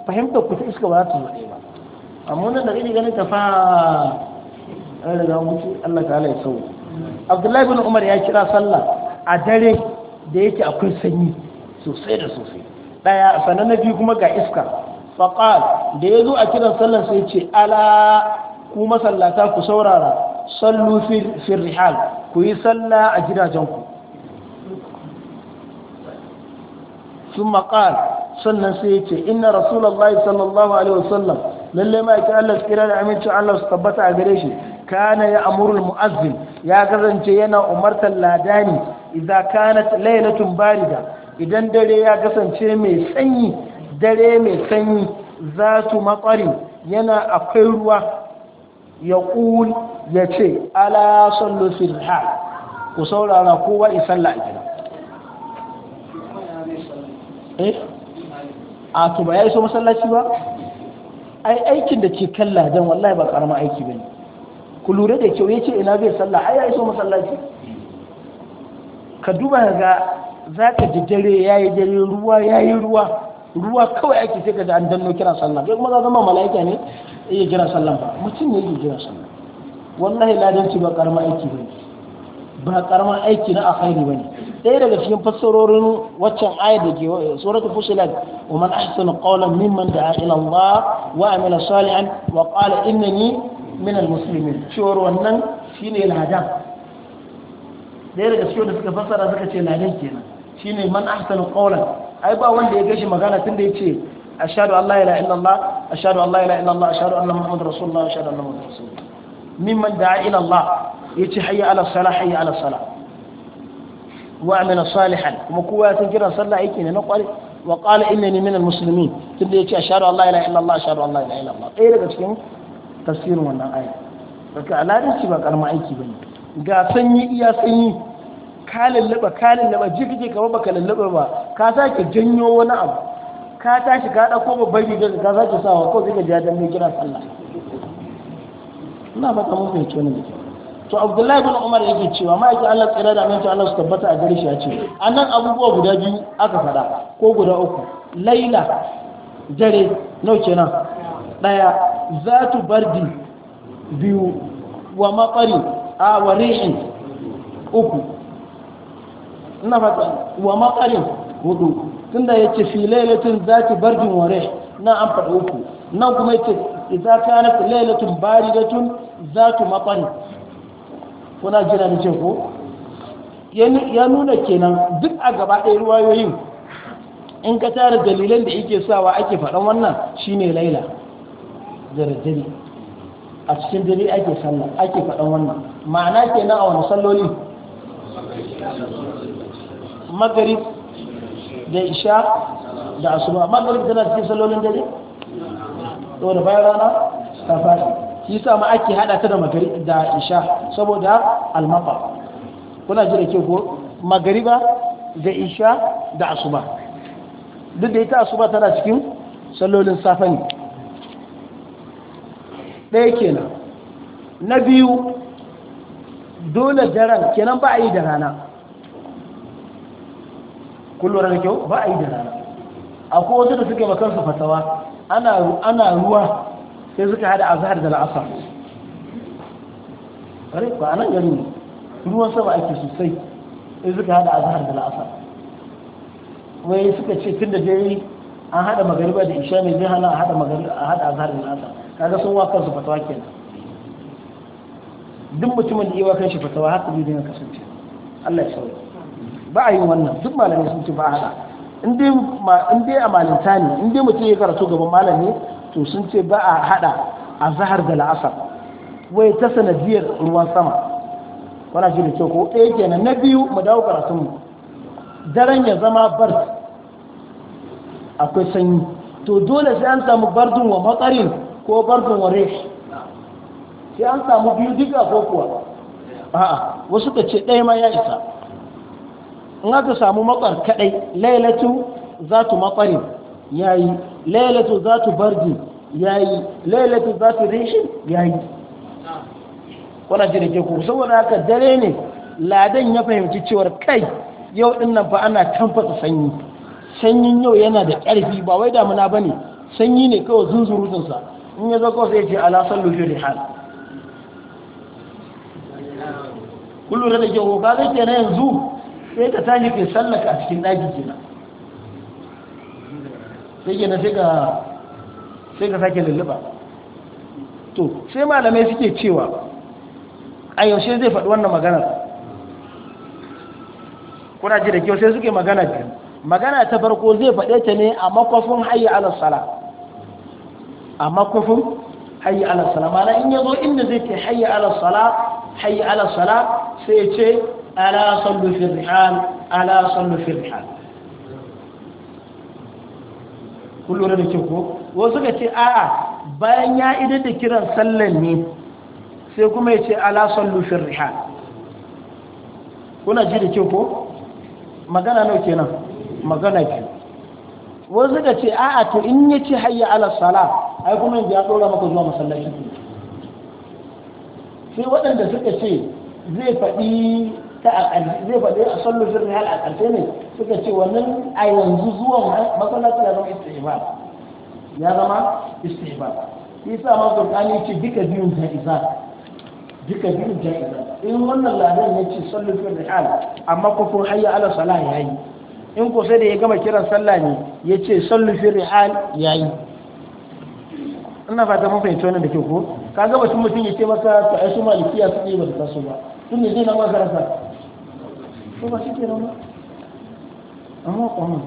fahimta ku ta iska ba za ta zo ɗaya ba amma wannan da kake ganin ta fa an riga mutu Allah ta'ala ya sau Abdullahi bin Umar ya kira sallah a dare da yake akwai sanyi sosai da sosai daya sanan na biyu kuma ga iska faqal da yazo a kiran sallar sai ce ala ku masallata ku saurara sallu fi rihal ku yi salla a ku sun maƙal sannan sai ce inna rasulallah sallallahu alaihi wasallam lalle ma'aikin Allah su kira da amincin Allah su tabbata a gare shi kana ya amurul mu'azzin ya kasance yana umartar ladani idza kanat laylatun barida idan dare ya kasance mai sanyi dare mai sanyi za su yana akwai ruwa ya ƙul ya ce ala sallu fil ku saurara kowa salla a gida eh a to ba ya iso masallaci ba ai aikin da ke kan ladan wallahi ba karamin aiki bane ku lura da kyau yace ina zai sallah ai ya iso masallaci ka duba ga zaka ji dare yayi dare ruwa yayi ruwa ruwa kawai aiki sai ka an danno kira sallah kai kuma za zama mala'ika ne iya kira sallah ba mutum ne yake kira sallah wallahi ladanci ba karamin aiki bane ba karamin aiki na alkhairi bane ɗaya daga cikin fassarorin waccan ayat da ke eh, suratul fusilat wa man ahsanu qawlan mimman da'a ila Allah wa amila salihan wa qala innani min almuslimin cewar wannan shine ladan ɗaya daga cikin da suka fassara suka ce ladan kenan shine man ahsanu qawlan ai ba wanda ya gashi magana tun da yace ashhadu an la ilaha illallah ashhadu an la ilaha illallah ashhadu anna muhammadar rasulullah ashhadu anna muhammadar rasulullah mimman da'a ila Allah yace hayya ala salah hayya ala salah wa amila salihan kuma kowa ya san kiran sallah aiki ne na kwari wa qala innani min almuslimin tunda yace ashhadu an la ilaha illallah ashhadu an la ilaha illallah ɗaya daga cikin tafsirin wannan aya daga aladinci ba karma aiki bane ga sanyi iya sanyi ka lallaba ka lallaba jikije ka baka lallaba ba ka sake janyo wani abu ka tashi ka da dauko babban rigar ka sake sawa ko sai ka ji dan mai kiran sallah ina fata mun fahimci wannan to abdullahi bin umar yake cewa ma yake allah tsira da aminci allah su tabbata a gare shi ya ce annan abubuwa guda biyu aka faɗa ko guda uku laila dare nau kenan ɗaya Zatu, bardi biyu wa maqari a wa rihi uku ina fata wa maqari hudu tunda ya ce fi lailatin za bardi wa rihi na an fada uku nan kuma yace idza kana lailatun baridatun zatu maqari kuna jira da ce ko ya nuna kenan duk a gaba ɗaya ruwayoyin in ka tara dalilan da yake sawa ake faɗan wannan shine laila da dare a cikin dare ake sallah ake faɗan wannan ma'ana kenan a wani salloli magarib da isha da asuba magarib tana cikin sallolin dare to da bayan rana ta fashe shi sa ma ake hada ta da magariba da isha saboda almafa kuna ji da ke ko magariba da isha da asuba duk da ita asuba tana cikin sallolin safa ne ɗaya kenan na biyu dole daren kenan ba a yi da rana kullum rana kyau ba a yi da rana akwai wasu da suke makarsa fatawa ana ruwa sai suka hada azhar da la'asar kare ko anan nan ne. ruwan sama ake sosai sai suka hada azhar da la'asar wai suka ce tun da dai an hada magariba da isha mai jihana a hada magariba a hada azhar da la'asar kaga sun waka su fatawa kenan duk mutumin da iya kan fatawa haka bai dinga kasance Allah ya sauri. ba a yi wannan duk malamai sun ce ba a hada in dai a malinta ne in dai mutum ya karatu gaban malami to sun ce ba a hada a zahar da la'asar wai ta sanadiyar ruwan sama wana shi da ce ko ɗaya kenan na biyu mu dawo karatunmu daren ya zama bard akwai sanyi to dole sai an samu bardun wa matsarin ko bardun wa resh sai an samu biyu diga ko kuwa a'a wasu ka ce ɗaya ma ya isa in aka samu matsar kaɗai lailatu za tu matsarin ya yi lailatu zatu bardi yayi lailatu zatu rishin yayi kuna ji da ke ku saboda haka dare ne ladan ya fahimci cewar kai yau din nan fa ana tamfasa sanyi sanyin yau yana da ƙarfi ba wai damuna bane sanyi ne kawai zunzurutun sa in ya zo kawai sai ce ala sallu fi rihal kullu da ke ku ke na yanzu sai ka tashi ke sallaka a cikin daji kenan sai yana sai ka sake lulluba to sai malamai suke cewa a yaushe zai faɗi wannan maganar kuna ji da kyau sai suke magana biyu magana ta farko zai faɗe ta ne a makwafin hayi alasala a makwafin hayi alasala mana in ya zo inda zai ke hayi alasala hayi alasala sai ce ala sallufin rihal ala sallufin rihal kun lura da kyau ko wasu suka ce a'a bayan ya idan da kiran sallan ne sai kuma ya ce ala sallu fil rihal kuna ji da kyau ko magana nau kenan magana biyu wasu suka ce a'a to in ya ce hayya ala sala ai kuma yanzu ya dora maka zuwa masallaci sai waɗanda suka ce zai faɗi ta zai faɗi a sallu fil rihal a ƙarshe ne suka ce wannan a yanzu zuwan masallaci ya zama istihbab ya zama istihbab shi sa ma qur'ani ce duka biyun ta isa duka biyun ta isa in wannan ladan ya ce sallu fil rihal amma kuma kun hayya ala salah yi in ko sai da ya gama kiran sallah ne ya ce sallu fil rihal yayi ina fata mun fahimci wannan da ke ko ka ga batun mutum ya ce maka to ai su malikiya su ne ba su taso ba tun ne zai na masa rasa ko ba shi ke nan ba amma ko mun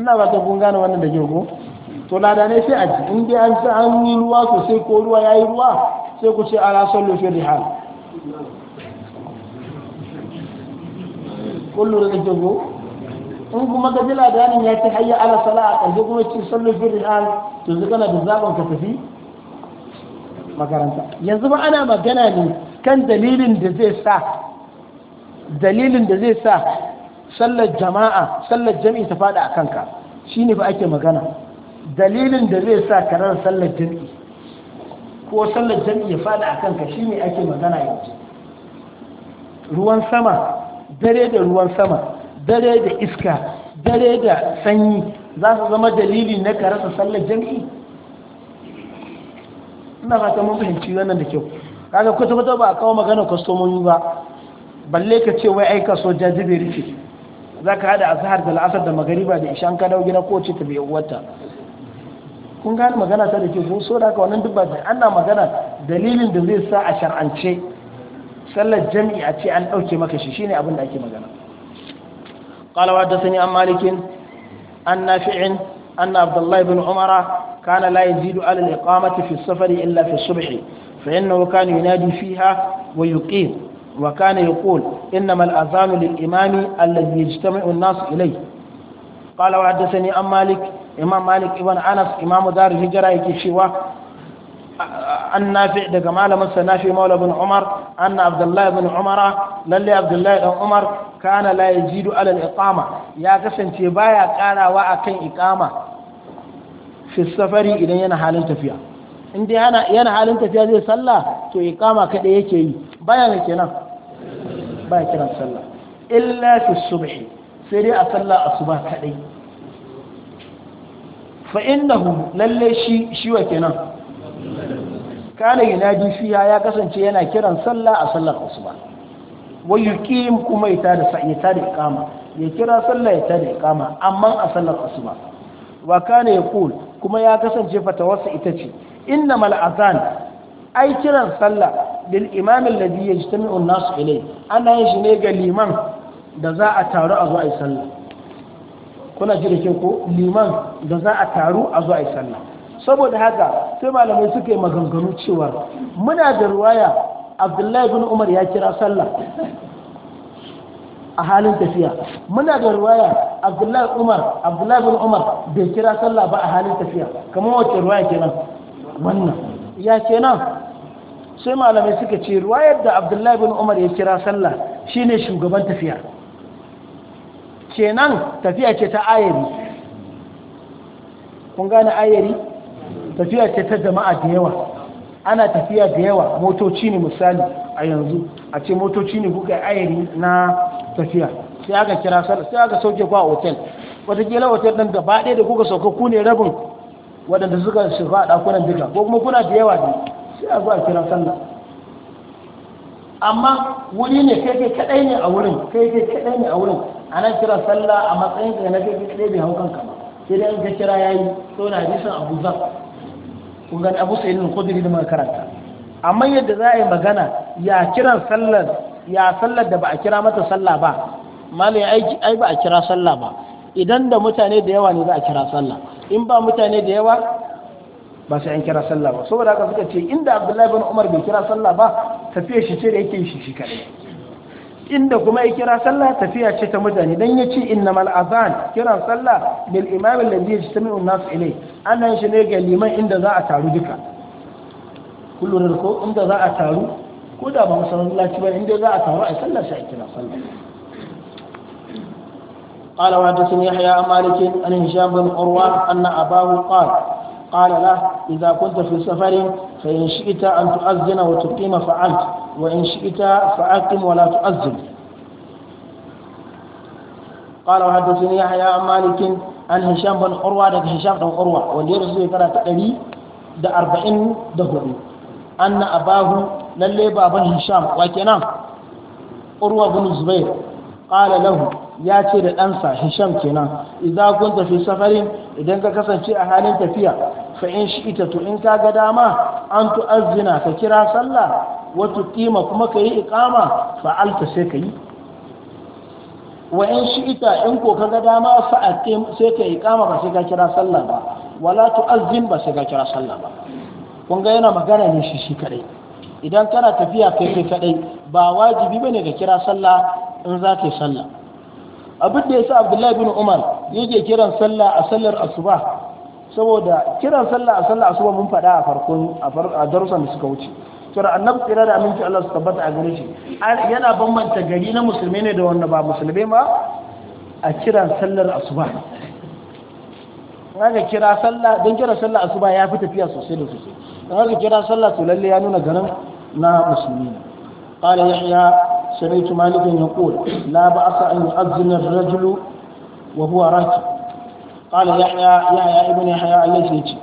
ina ba ta kun gane wannan da ke ko to lada ne sai a ji in dai an sa an yi ruwa sosai ko ruwa ya yi ruwa sai ku ce ala sallu fi rihal kullu da ke ko in kuma ka da ladanin ya ce hayya ala sala a ƙarshe kuma ce sallu fi rihal to zuka na da zaɓin ka tafi makaranta yanzu ba ana magana ne kan dalilin da zai sa dalilin da zai sa sallar jama'a sallar jami'i ta fada a kanka shi ne fa ake magana dalilin da zai sa karar sallar jami'i ko sallar jami'i ya fada a kanka shi ne ake magana yanzu ruwan sama dare da ruwan sama dare da iska dare da sanyi za su zama dalili na karasa sallar jami'i ina fata mun fahimci wannan da kyau kaga kwata kwata ba a kawo magana kwastomomi ba balle ka ce wai aika so jajibe rufe za ka hada azahar da la'asar da magariba da ishan ka dau gida kowace ta biyan wata kun gane magana ta da ke ko so da ka wannan duk ba ana magana dalilin da zai sa a shar'ance sallar jami'i a ce an dauke maka shi shine abin da ake magana qala da Sani an malikin an nafi'in anna abdullahi bin umara kana la yazidu ala al-iqamati fi as-safari illa fi as-subhi فإنه كان ينادي فيها ويقيم وكان يقول إنما الأذان للإمام الذي يجتمع الناس إليه قال وحدثني أم مالك إمام مالك ابن أنس إمام دار الهجرة يكشي عن نافع دقا مالما نافع مولى بن عمر أن عبد الله بن عمر للي عبد الله بن عمر كان لا يزيد على الإقامة يا قسم تبايا كان وأكن إقامة في السفر إلينا حالين تفيها in dai yana yana halin tafiya zai sallah to iqama kada yake yi baya ne kenan baya kiran sallah illa fi subhi sai dai a sallah asuba kadai fa innahu lalle shi shi wa kenan kana yunadi fiya ya kasance yana kiran sallah a sallar asuba wayu kim kuma ita da ta da iqama ya kira sallah ya da iqama amma a sallar asuba wa kana yaqul kuma ya kasance fatawarsa ita ce innamal azan ai kiran sallah bil imam alladhi yajtami'u an-nas ilayhi ana yin shi ne ga liman da za a taru a zo a yi sallah kuna ji da ke ko liman da za a taru a zo a sallah saboda haka sai malamai suka yi maganganu cewar, muna da ruwaya abdullahi bin umar ya kira sallah a halin tafiya muna da ruwaya abdullahi umar abdullahi bin umar bai kira sallah ba a halin tafiya kamar wacce ruwaya kenan wannan ya nan sai malamai suka ce ruwayar da abdullahi bin umar ya kira sallah shi ne shugaban tafiya ke nan tafiya ce ta ayari kun gane ayari tafiya ce ta jama'a da yawa ana tafiya da yawa motoci ne misali a yanzu a ce motoci ne kuka ayari na tafiya sai aka kira sallah sai aka sauke ku a wata wataƙila hotel ɗin gaba ɗaya da kuka sauka ku ne rabin waɗanda suka shafa a ɗakunan duka ko kuma kuna da yawa ne sai a zuwa kira sallah amma wuri ne kai kai kaɗai ne a wurin kai kai kaɗai ne a wurin ana kira sallah a matsayin ka na kai kai kaɗai bai hau kanka ba sai dai an ka kira yayi to na hadisin Abu Zar kun gani Abu Sa'id al-Khudri da makaranta amma yadda za a yi magana ya kiran sallar ya sallar da ba a kira mata sallah ba malai ai ba a kira sallah ba idan da mutane da yawa ne za a kira sallah in ba mutane da yawa ba sai an kira sallah ba saboda haka suka ce inda abdullahi bin umar bai kira sallah ba tafiya shi ce da yake shi shi kare inda kuma ya kira sallah tafiya ce ta mutane dan ya ce mal azan kiran sallah bil imam alladhi yajtami'u an-nas ilay annan shi ne ga liman inda za a taru duka kullun ko inda za a taru ko da ba musallaci ba inda za a taru a sallah sai kira sallah قال وحدثني يحيى عن مالك عن هشام بن عروة أن أباه قال قال له إذا كنت في سفر فإن شئت أن تؤذن وتقيم فعلت وإن شئت فأقم ولا تؤذن قال وحدثني يحيى عن مالك عن هشام بن عروة ده هشام بن عروة واللي رسول كرا تقري ده أربعين ده أن أباه للي بابا هشام وكنا عروة بن الزبير qala lahu ya ce da ɗansa hisham kenan idza kun fi safarin idan ka kasance a halin tafiya fa in ita to in ka ga dama an tu'azzina ka kira sallah wa tuqima kuma ka yi iqama fa alta sai ka yi wa in ita in ko ka ga dama fa aqim sai ka iqama ba sai ka kira sallah ba wala tu'azzin ba sai ka kira sallah ba kun ga yana magana ne shi shi kadai idan kana tafiya kai kai kadai ba wajibi bane ka kira sallah in za ka yi sallah abin da yasa abdullahi bin umar yake kiran sallah a sallar asuba saboda kiran sallah a sallar asuba mun faɗa a farkon a darussan da suka wuce kira annabi kira da aminci Allah su tabbata a gare shi yana bambanta gari na musulmi ne da wanda ba musulmi ba a kiran sallar asuba haka kira sallah don kira sallah asuba ya fi tafiya sosai da sosai don haka kira sallah to lalle ya nuna garin na musulmi qala yahya sami'tu malik yaqul la ba'sa an yu'azzina ar-rajulu wa huwa rakib qala yahya yahya ibn yahya alladhi yace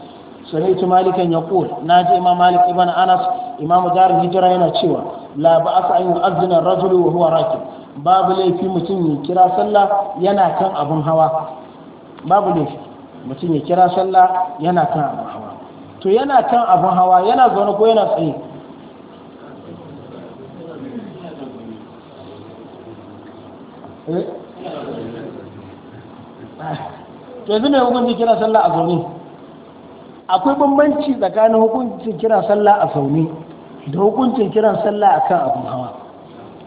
sami'tu malik na naji imam malik ibn anas imam dar hijira yana cewa la ba'sa an yu'azzina ar-rajulu wa huwa rakib babu laifi mutum ya kira sallah yana kan abun hawa babu laifi mutum ya kira sallah yana kan abun hawa to yana kan abun hawa yana zaune ko yana tsaye Eh? to yanzu ne hukuncin kira sallah a zaune akwai bambanci tsakanin hukuncin kira sallah a zaune da hukuncin kiran sallah a kan abin hawa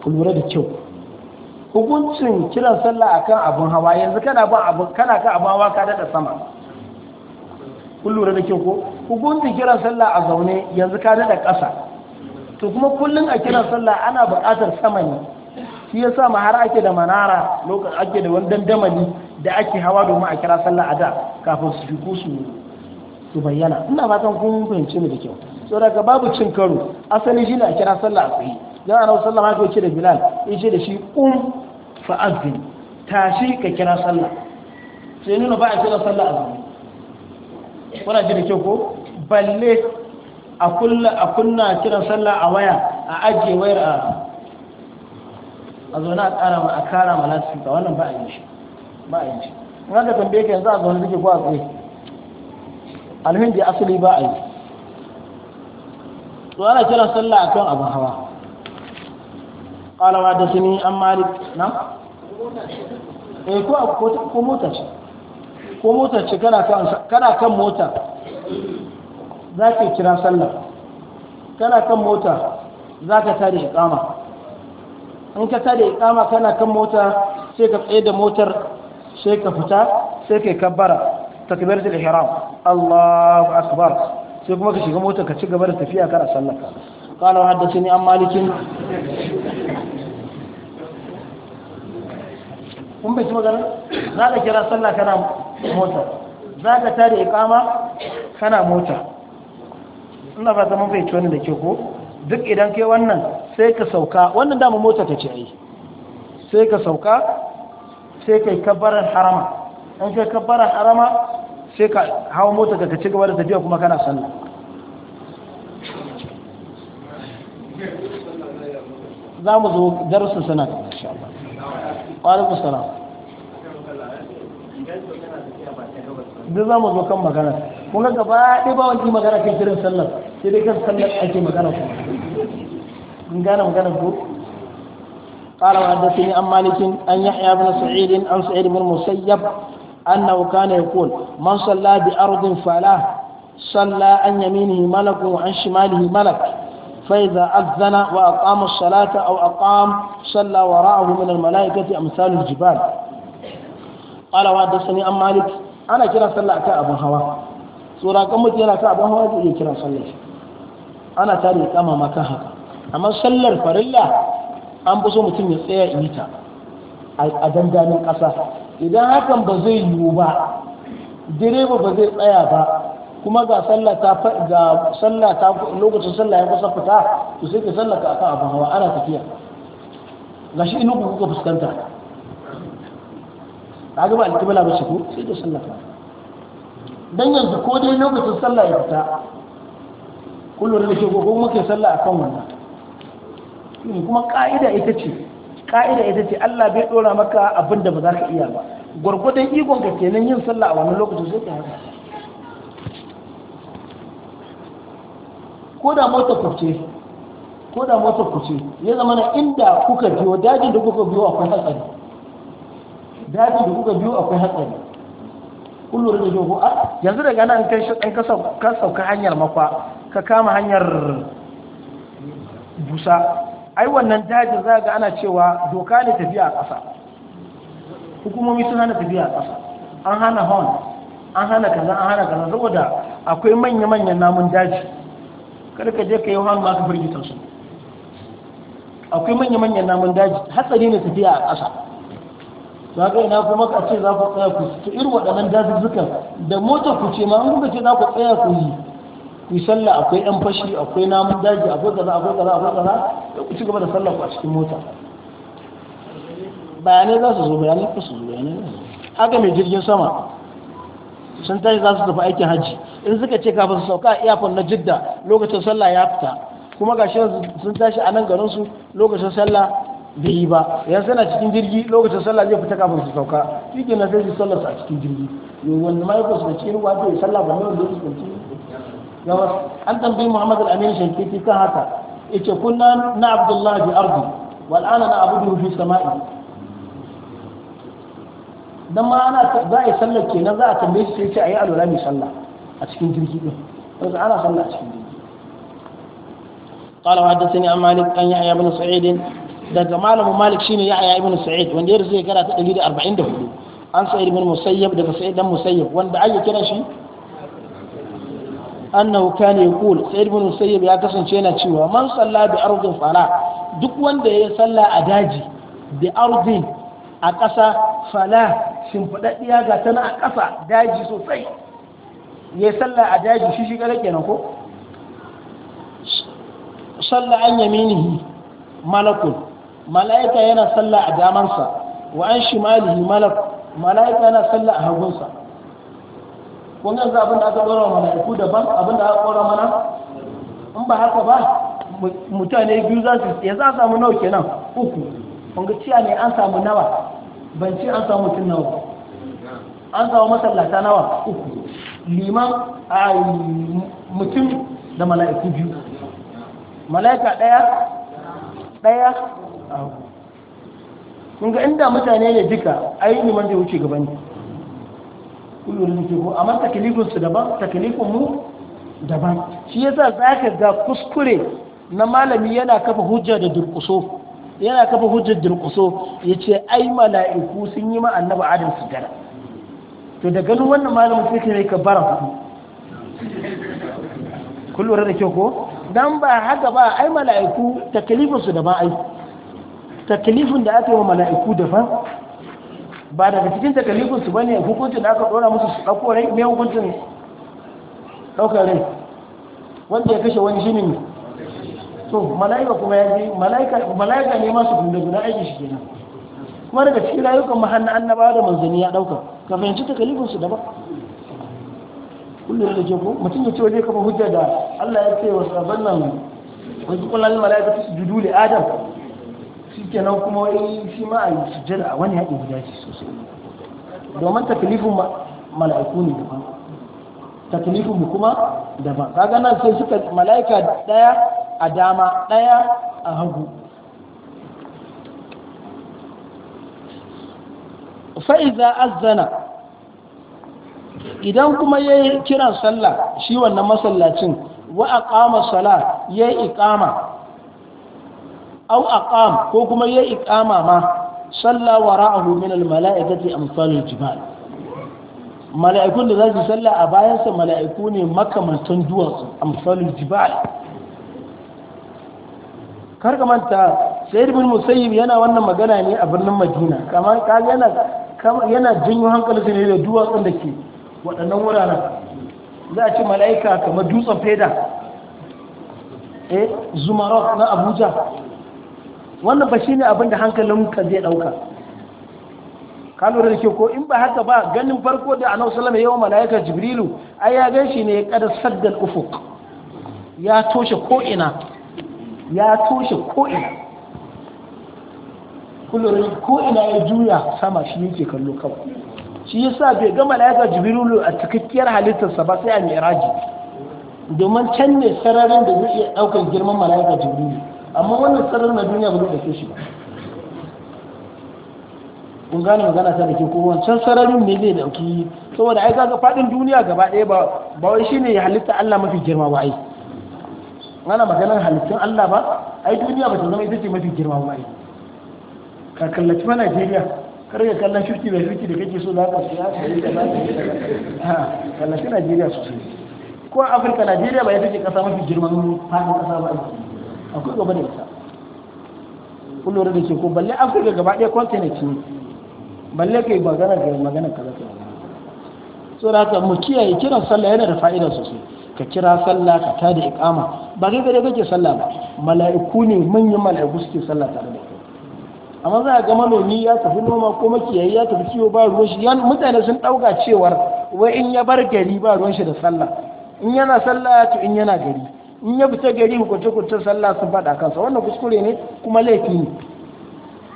ku lura da kyau hukuncin kiran sallah a kan abin hawa yanzu kana abin kan abin hawa ka daɗa sama ku lura da kyau ko hukuncin kiran sallah a zaune yanzu ka daɗa ƙasa to kuma kullum a kiran sallah ana buƙatar sama ne shi ya sa har ake da manara lokacin ake da wani dandamali da ake hawa domin a kira sallah a da kafin su fiku su su bayyana ina fatan kun fahimci ni da kyau so daga babu cin karo asali shi ne a kira sallah a tsaye dan annabi sallallahu alaihi wasallam ya da bilal ya ce da shi um fa'azin tashi ka kira sallah sai nuna ba a kira sallah a zama kuna ji da kyau ko balle a kunna kiran sallah a waya a ajiye wayar a a zaune a ƙara ma a kara ma nasu fika wannan ba a yi shi ba a yi shi in aka tambaye ka yanzu a zaune suke ko a tsaye da asali ba a yi to ana kiran sallah akan abu hawa qala da suni an malik na eh ko ko mota ce ko mota ce kana kan kana kan mota za ka kira sallah kana kan mota za ka tare iqama in ka tada ikama kana kan mota sai ka tsaye da motar sai ka fita sai ka kabbara takbiratul ihram Allahu akbar sai kuma ka shiga motar ka ci gaba da tafiya kana sallar ka قال ni an malikin kun bai ci magana za ka kira sallah kana mota za ka tare ikama kana mota ina ba ta mun fahimci wani da ke ko duk idan kai wannan sai ka sauka wannan dama mota ta ce ai sai ka sauka sai kai kabbarar harama an kai kabbarar harama sai ka hawa mota ka ci gaba da tafiya kuma kana sallah za mu zo darasin sana ka insha Allah alaikum salam duk za mu zo kan magana kuma gaba ɗaya ba wani magana kan kirin sallar sai dai kan sallar ake magana kuma من قال من قال وحدثني عن مالك أن يحيى بن سعيد عن سعيد بن المسيب أنه كان يقول من صلى بأرض فلا صلى عن يمينه ملك وعن شماله ملك فإذا أذن وأقام الصلاة أو أقام صلى وراءه من الملائكة أمثال الجبال قال وحدثني عن مالك أنا كلا صلى أبو هوا سورة كم كلا أبو هوا كلا صلى أنا تاري كما مكان هكذا amma sallar farilla an fi so mutum ya tsaya in yi ta a dandamin ƙasa idan hakan ba zai yiwu ba direba ba zai tsaya ba kuma ga sallah ta ga sallah ta lokacin sallah ya kusa fita to sai ka sallaka akan abin hawa ana tafiya gashi inu ku kuka fuskanta ka ga ba alkibala ba ko sai ka sallaka dan yanzu ko dai lokacin sallah ya fita kullum da ke gogo muke sallah akan wannan kuma ka'ida ita ce ka'ida ita ce Allah bai dora maka abin da ba za ka iya ba gwargwadon igon ka kenan yin sallah a wani lokacin sai ka haka ko da motar kwace ko da motar kwace ya zama na inda kuka biyo dajin da kuka biyo akwai hatsari dajin da kuka biyo akwai hatsari kullum da jogo a yanzu daga nan an ka sauka hanyar makwa ka kama hanyar busa ai wannan dajin za ga ana cewa doka ne tafiya a ƙasa hukumomi sun hana tafiya a ƙasa an hana horn an hana kaza an hana kaza saboda akwai manya-manyan namun daji kada ka je ka yi horn ma ka firgita su akwai manya-manyan namun daji hatsari ne tafiya a ƙasa za ka ina kuma ka ce za ku tsaya ku to irin waɗannan dazuzzukan da motar ku ce ma an kuka ce za ku tsaya ku yi ku sallah akwai yan fashi akwai namun daji akwai kaza akwai kaza akwai kaza da ku ci gaba da sallah ku a cikin mota bayanai za su zo bayanai ku su zo bayanai haka mai jirgin sama sun tashi za su tafi aikin hajji in suka ce kafin su sauka iyakon na jidda lokacin sallah ya fita kuma gashi sun tashi a nan garin su lokacin sallah bai yi ba yan sana cikin jirgi lokacin sallah zai fita kafin su sauka shi ke na sai su sallah a cikin jirgi yau wanda ma ya su da cikin ya sallah ba ne wanda ya fuskanci an tambayi muhammadu al-amin shankiti kan haka yace kunna na abdullahi bi ardi wal ana na abudu fi sama'i dan ma ana za a yi sallar kenan za a tambaye shi sai a yi alwala mai sallah a cikin jirgi din wato ana sallah a cikin jirgi قال وحدثني عن مالك أن يحيى بن سعيد daga malamin malik shine yahya ibn sa'id wanda ya rasu shekara ta 144 an sa'id min musayyab daga sa'id dan musayyab wanda ake shi annahu kana yaqul sa'id ibn musayyib ya kasance yana cewa man salla bi ardin fala duk wanda ya salla a daji bi ardin a ƙasa fala shimfiɗaɗɗiya ga tana a ƙasa daji sosai ya salla a daji shi shi gare kenan ko salla an yaminihi malakun mala'ika yana salla a damansa wa an shimalihi malak mala'ika yana salla a hagunsa kun yanzu abin da aka ɗora mana ku daban abin da aka ɗora mana in ba haka ba mutane biyu za su ya za a samu nawa kenan uku kun ga ciya ne an samu nawa ban ce an samu mutum nawa an samu masallata nawa uku liman a mutum da mala'iku biyu mala'ika ɗaya ɗaya kun ga inda mutane ne duka ayi liman zai wuce gaban ne kullum da ke ko amma takalifin su daban takalifin mu daban shi yasa zaka ga kuskure na malami yana kafa hujja da durkuso yana kafa hujjar durkuso yace ai mala'iku sun yi ma annabi adam sujada to da ganin wannan malamin sai kai ka bara ku kullum da kyau ko dan ba haka ba ai mala'iku takalifin su daban ai takalifin da ake yi wa mala'iku daban ba daga cikin takalifin su bane hukuncin da aka dora musu su dauko rai me hukuncin ɗaukar rai wanda ya kashe wani shi ne to mala'ika kuma ya ji mala'ika mala'ika ne masu gunda guna aiki shi kenan kuma daga cikin rayukan mahanna annabawa da manzanni ya dauka ka fahimci takalifin su ba? kullum da ke ko mutum ya ce zai kafa hujja da Allah ya ce wa sabon nan wasu kullum mala'ika su judu li adam shi kenan kuma wai shi ma a yi sujjada a wani haɗin guda ce sosai domin taklifin mala'iku ne daban taklifin mu kuma daban kaga nan sai suka mala'ika ɗaya a dama ɗaya a hagu fa'iza azzana idan kuma ya yi kiran sallah shi wannan masallacin wa a ƙama sallah ya yi iƙama aw aqam ko kuma ya iqama ma salla wara'ahu min al mala'ikati amsalul jibal mala'ikun da za su salla a sa mala'iku ne makamantan duwatsu amsalul jibal kar ka manta sayyid bin musayyib yana wannan magana ne a birnin madina kamar ka yana yana janyo hankalin sa ne da duwatsun da ke waɗannan wuraren za a ce mala'ika kamar dutsen feda eh zumarok na abuja wannan ba ne abin da hankalinka zai dauka ka lura da ke ko in ba haka ba ganin farko da anau salama yawan wasallam malaika jibrilu ai ya gan shi ne kada saddar ufuk ya toshe ko'ina ya toshe ko ina kullum ko ina ya juya sama shi yake kallo kawai shi sa bai ga malaika jibrilu a cikakkiyar halittarsa ba sai a mi'raji domin can ne sararin da zai iya daukar girman malaika jibrilu amma wannan tsarar na duniya ba zai ɗauke shi ba kun gane magana ta da ke kuma wancan sararin ne zai dauki saboda ai kaga fadin duniya gaba ɗaya ba ba wai shine ya halitta Allah mafi girma ba ai ana maganar halittun Allah ba ai duniya ba ta zama ita ce mafi girma ba ai ka kallaci ma Najeriya kar ka kallon 50 by 50 da kake so za ka siya sai da ba ha kallaci Najeriya sosai ko Afirka Najeriya ba ita ce kasa mafi girman fadin kasa ba ai akwai gaba da ita kun lura da ke ko balle afirka gaba ɗaya continent ne balle kai magana ga magana kaza ta so da haka mu kiyaye kiran sallah yana da fa'ida sosai ka kira sallah ka da iqama ba kai gare kake sallah ba mala'iku ne manyan mala'iku suke sallah tare da kai amma za ga manomi ya tafi noma ko makiyayi ya tafi kiwo ba ruwan shi mutane sun dauka cewar wai in ya bar gari ba ruwan shi da sallah in yana sallah to in yana gari in ya fita gari hukunce hukunce sallah sun faɗa kansa wannan kuskure ne kuma laifi ne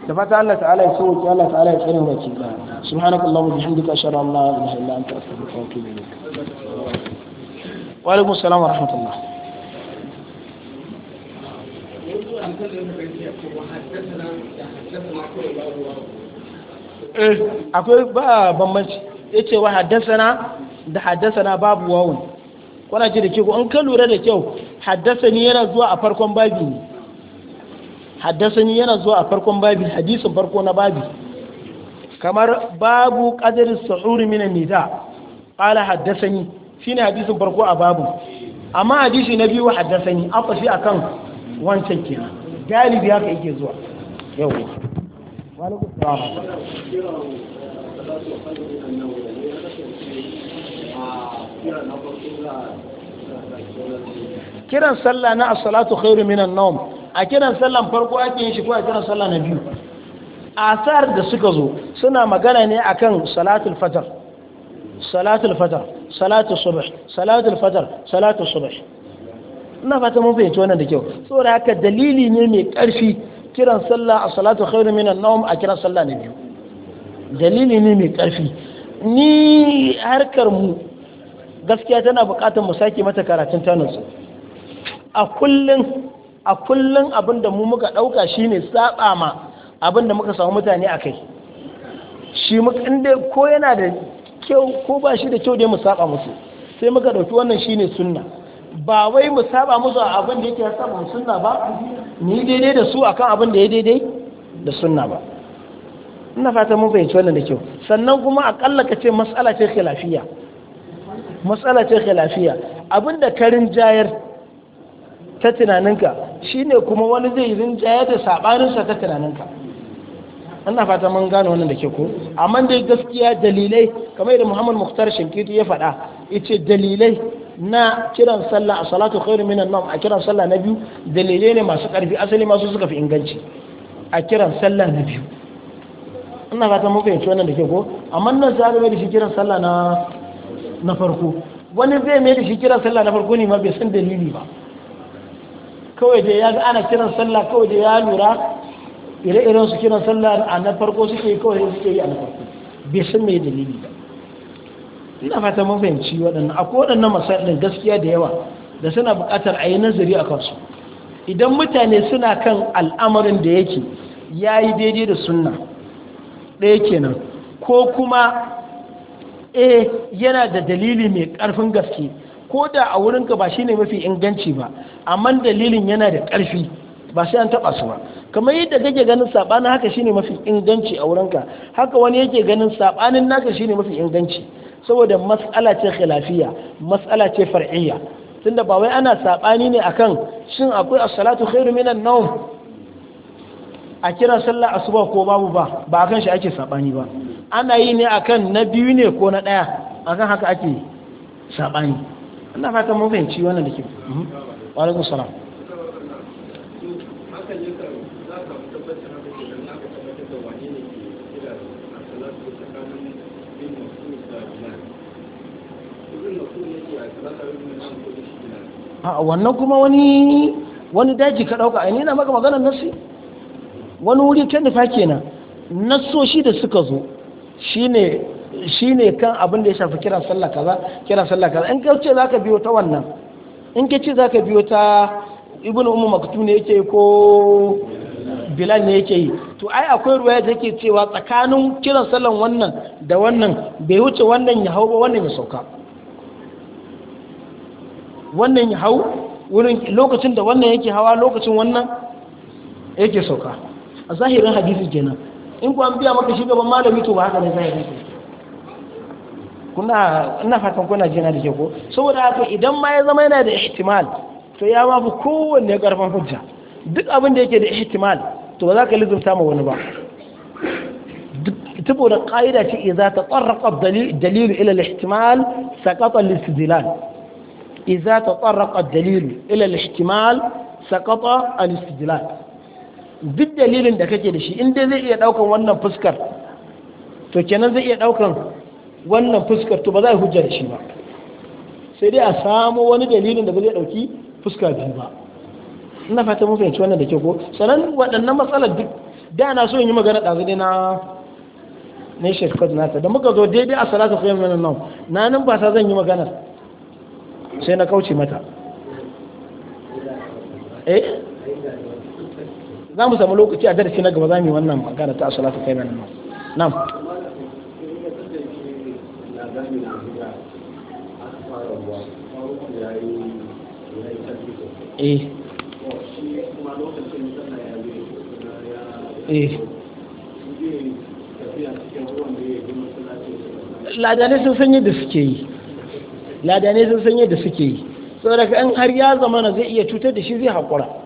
da fata Allah ta'ala ya sauke Allah ta'ala ya tsare wa cika subhanakallahu wa bihamdika ashhadu duka shara Allah da anta ta wa atubu ne wa alaikum salam wa rahmatullah eh, akwai ba bambanci ce wa haddasa da haddasa babu wawun wana ce da ke in ka lura da kyau haddasa ni yana zuwa a farkon babi ne haddasa ni yana zuwa a farkon babi hadisin farko na babi kamar babu qadari suhuri min nida qala haddathani shine hadisin farko a babu amma hadisi na biyu haddathani a akan wancan kenan galibi haka yake zuwa yau wa alaikum salam ah, kiran sallah na as-salatu khairu minan nawm a kiran sallan farko ake yin shi ko a kiran sallah na biyu asar da suka zo suna magana ne akan salatul fajr salatul fajr salatul subh salatul fajr salatul subh ina fata mun fahimci wannan da kyau saboda haka dalili ne mai karfi kiran sallah as-salatu khairu minan nawm a kiran sallah na biyu dalili ne mai karfi ni harkar mu gaskiya tana buƙatar mu sake mata karatun tanansu a kullum a kullun abin da mu muka ɗauka shine saba ma abin da muka samu mutane a kai shi inda ko yana da kyau ko ba shi da kyau dai mu saba musu sai muka ɗauki wannan shine sunna ba wai mu saba musu a abin da yake ya saba sunna ba ni daidai da su akan abin da ya daidai da sunna ba ina fata mun fahimci wannan da kyau sannan kuma akalla ka ce mas'ala ce khilafiyya matsala ce khilafiya abinda karin jayar ta tunaninka shine kuma wani zai rinjayar da sabaninsa ta tunaninka ana fata mun gano wannan da ke ko amma dai gaskiya dalilai kamar yadda Muhammad Mukhtar Shinkiti ya faɗa ita dalilai na kiran sallah a salatu khairu minan nam a kiran sallah na biyu dalilai ne masu ƙarfi asali masu suka fi inganci a kiran sallah na biyu ina fata mun fahimci wannan da ke ko amma nan sai da shi kiran sallah na na farko wani zai mai da shi kiran sallah na farko ne ma bai san dalili ba kawai da ya ana kiran sallah kawai da ya lura ire-iren su kiran sallah a na farko suke yi kawai suke yi a na farko bai san mai dalili ba ina fata mun fahimci waɗannan akwai waɗannan masalin gaskiya da yawa da suna buƙatar a yi nazari a kansu idan mutane suna kan al'amarin da yake ya yi daidai da sunna ɗaya kenan ko kuma eh yana da dalili mai ƙarfin gaske ko da a wurinka ba shine mafi inganci ba amma dalilin yana da ƙarfi ba sai an taɓa su ba kamar yadda kake ganin saɓanin haka shine mafi inganci a wurinka haka wani yake ganin saɓanin naka shine mafi inganci saboda matsala ce khilafiya matsala ce far'iyya tunda ba wai ana saɓani ne akan shin akwai as-salatu khairu minan nawm a kira sallar asuba ko babu ba ba a kan shi ake sabani ba ana yi ne akan na biyu ne ko na daya akan haka ake sabani ina fata mun fahimci wannan da ke mhm. wa alaikum salam wannan kuma wani wani daji ka dauka ai ni na maka maganar nasi wani wuri ta nufa kenan nasoshi da suka zo shi ne kan abin da ya shafi kira sallah kaza kira sallah kaza in ka ce ka biyo ta wannan in ka ce ka biyo ta ibn ummu maktum ne yake ko bilal ne yake yi to ai akwai ruwaya da yake cewa tsakanin kiran sallan wannan da wannan bai wuce wannan ya hau ba wannan ya sauka wannan ya hau wurin lokacin da wannan yake hawa lokacin wannan yake sauka a zahirin hadisi kenan in ku an biya maka shi gaban malami to ba haka ne zahiri kuna ina fatan kuna jina da ke ko saboda haka idan ma ya zama yana da ihtimal to ya ma fi kowanne karfin hujja duk abin da yake da ihtimal to ba za ka lizumta ma wani ba da ƙa'ida ce idza tatarraqa dalil ila al-ihtimal saqata al-istidlal idza dalil ila al-ihtimal saqata al-istidlal duk dalilin da kake da shi in dai zai iya daukan wannan fuskar to kenan zai iya daukan wannan fuskar to ba za a hujja da shi ba sai dai a samu wani dalilin da zai dauki fuska biyu ba ina fata mun fahimci wannan da ke ko sanan waɗannan matsalar duk da na so in yi magana ɗazu zai na na yi na nata da muka zo daidai a salatu kayan mana nan na nan ba sa zan yi magana sai na kauce mata eh za mu samu lokaci a darasi na gaba za mu yi wannan magana ta asalatu kai nan nan eh. eh ladanai sun sanye da suke yi ladanai sun sanye da suke yi saboda in har ya zama na zai iya cutar da shi zai haƙura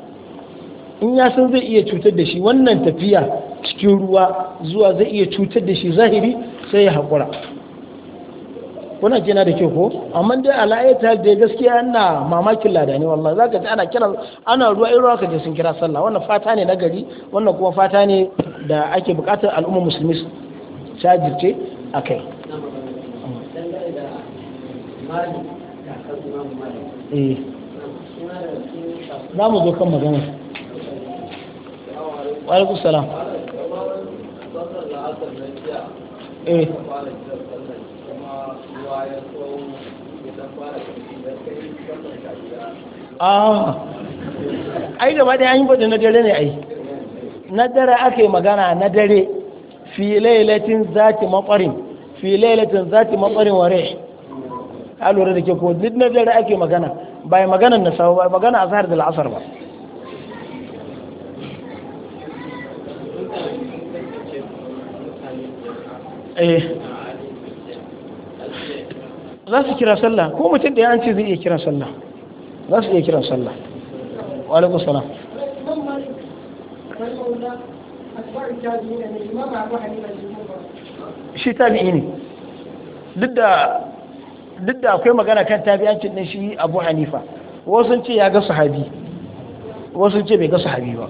in ya san zai iya cutar da shi wannan tafiya cikin ruwa zuwa zai iya cutar da shi zahiri sai ya haƙura kuna jina da kyau ko amma dai ta da gaskiya na mamakin lada ne wallah za ka ji ana kira ana ruwa irin ka da sun kira sallah wannan fata ne na gari wannan kuma fata ne da ake bukatar al'ummar musulmi su cajirce a kai eh. kan magana wa salam eh. ah. ai gaba ɗaya an yi bada na dare ne ai na dare ake magana na dare fi lailatin zati fiye fi lailatin zati mafarin ware a lura da ke ko duk na dare ake magana bai magana na sawo ba magana azhar da la'asar ba Eh. za su kira sallah ko mutum da ya an ce zai iya kira sallah za su iya kira sallah wa salam shi tabi'i ne duk da akwai magana kan tabi'ancin din shi Abu Hanifa wasu ce ya ga sahabi wasu ce bai ga sahabi ba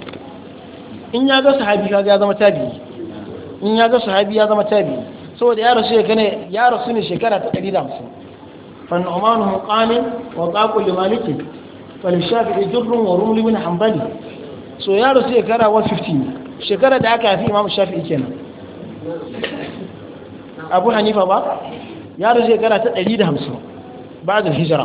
in ya ga sahabi ya zama tabi'i in ya ga sahabi ya zama tabi'i saboda ya rasu ne ya rasu ne shekara ta 150 fannu umman muqamin wa qaqul li maliki wal shafi'i jurrun wa rumli min hanbali so ya rasu shekara 150 shekara da aka haifi imam shafi'i kenan abu hanifa ba ya rasu shekara ta 150 ba da hijira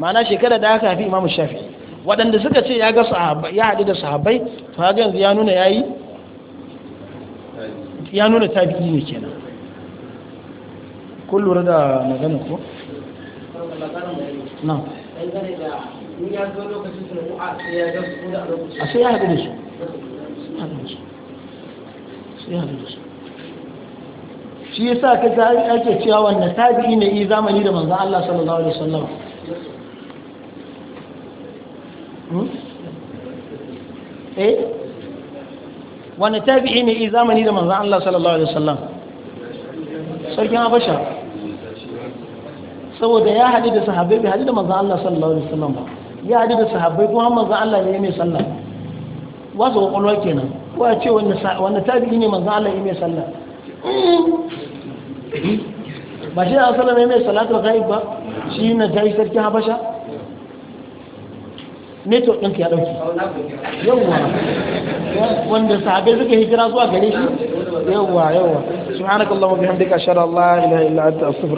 ma'ana shekara da aka haifi imam shafi waɗanda suka ce ya ga ya haɗu da sahabbai to haka yanzu ya nuna yayi ya nuna tabi'i ne kenan kun lura da magana ko? na a sai ya haɗu da su shi ya sa kai kaga ake cewa wanda tabi'i ne yi zamani da manzan Allah sallallahu alaihi wasallam hmm? eh wanda tabi'i ne yi zamani da manzan Allah sallallahu alaihi wasallam sarkin Abasha. saboda ya haɗu da sahabbai bai haɗu da manzan Allah sallallahu alaihi wasallam ba ya haɗu da sahabbai kuma manzan Allah ne mai sallah wa zo kwakwalwa kenan ko a ce wanda tabi'i ne manzan Allah ne mai sallah ba shi da asalin ne mai salatu ghaib ba shi na jayi sarki habasha ne neto ɗinka ya dauki yawwa wanda sahabbai suka hijira zuwa gare shi yawwa yawwa subhanakallahumma bihamdika ashhadu an la ilaha illa anta astaghfiruka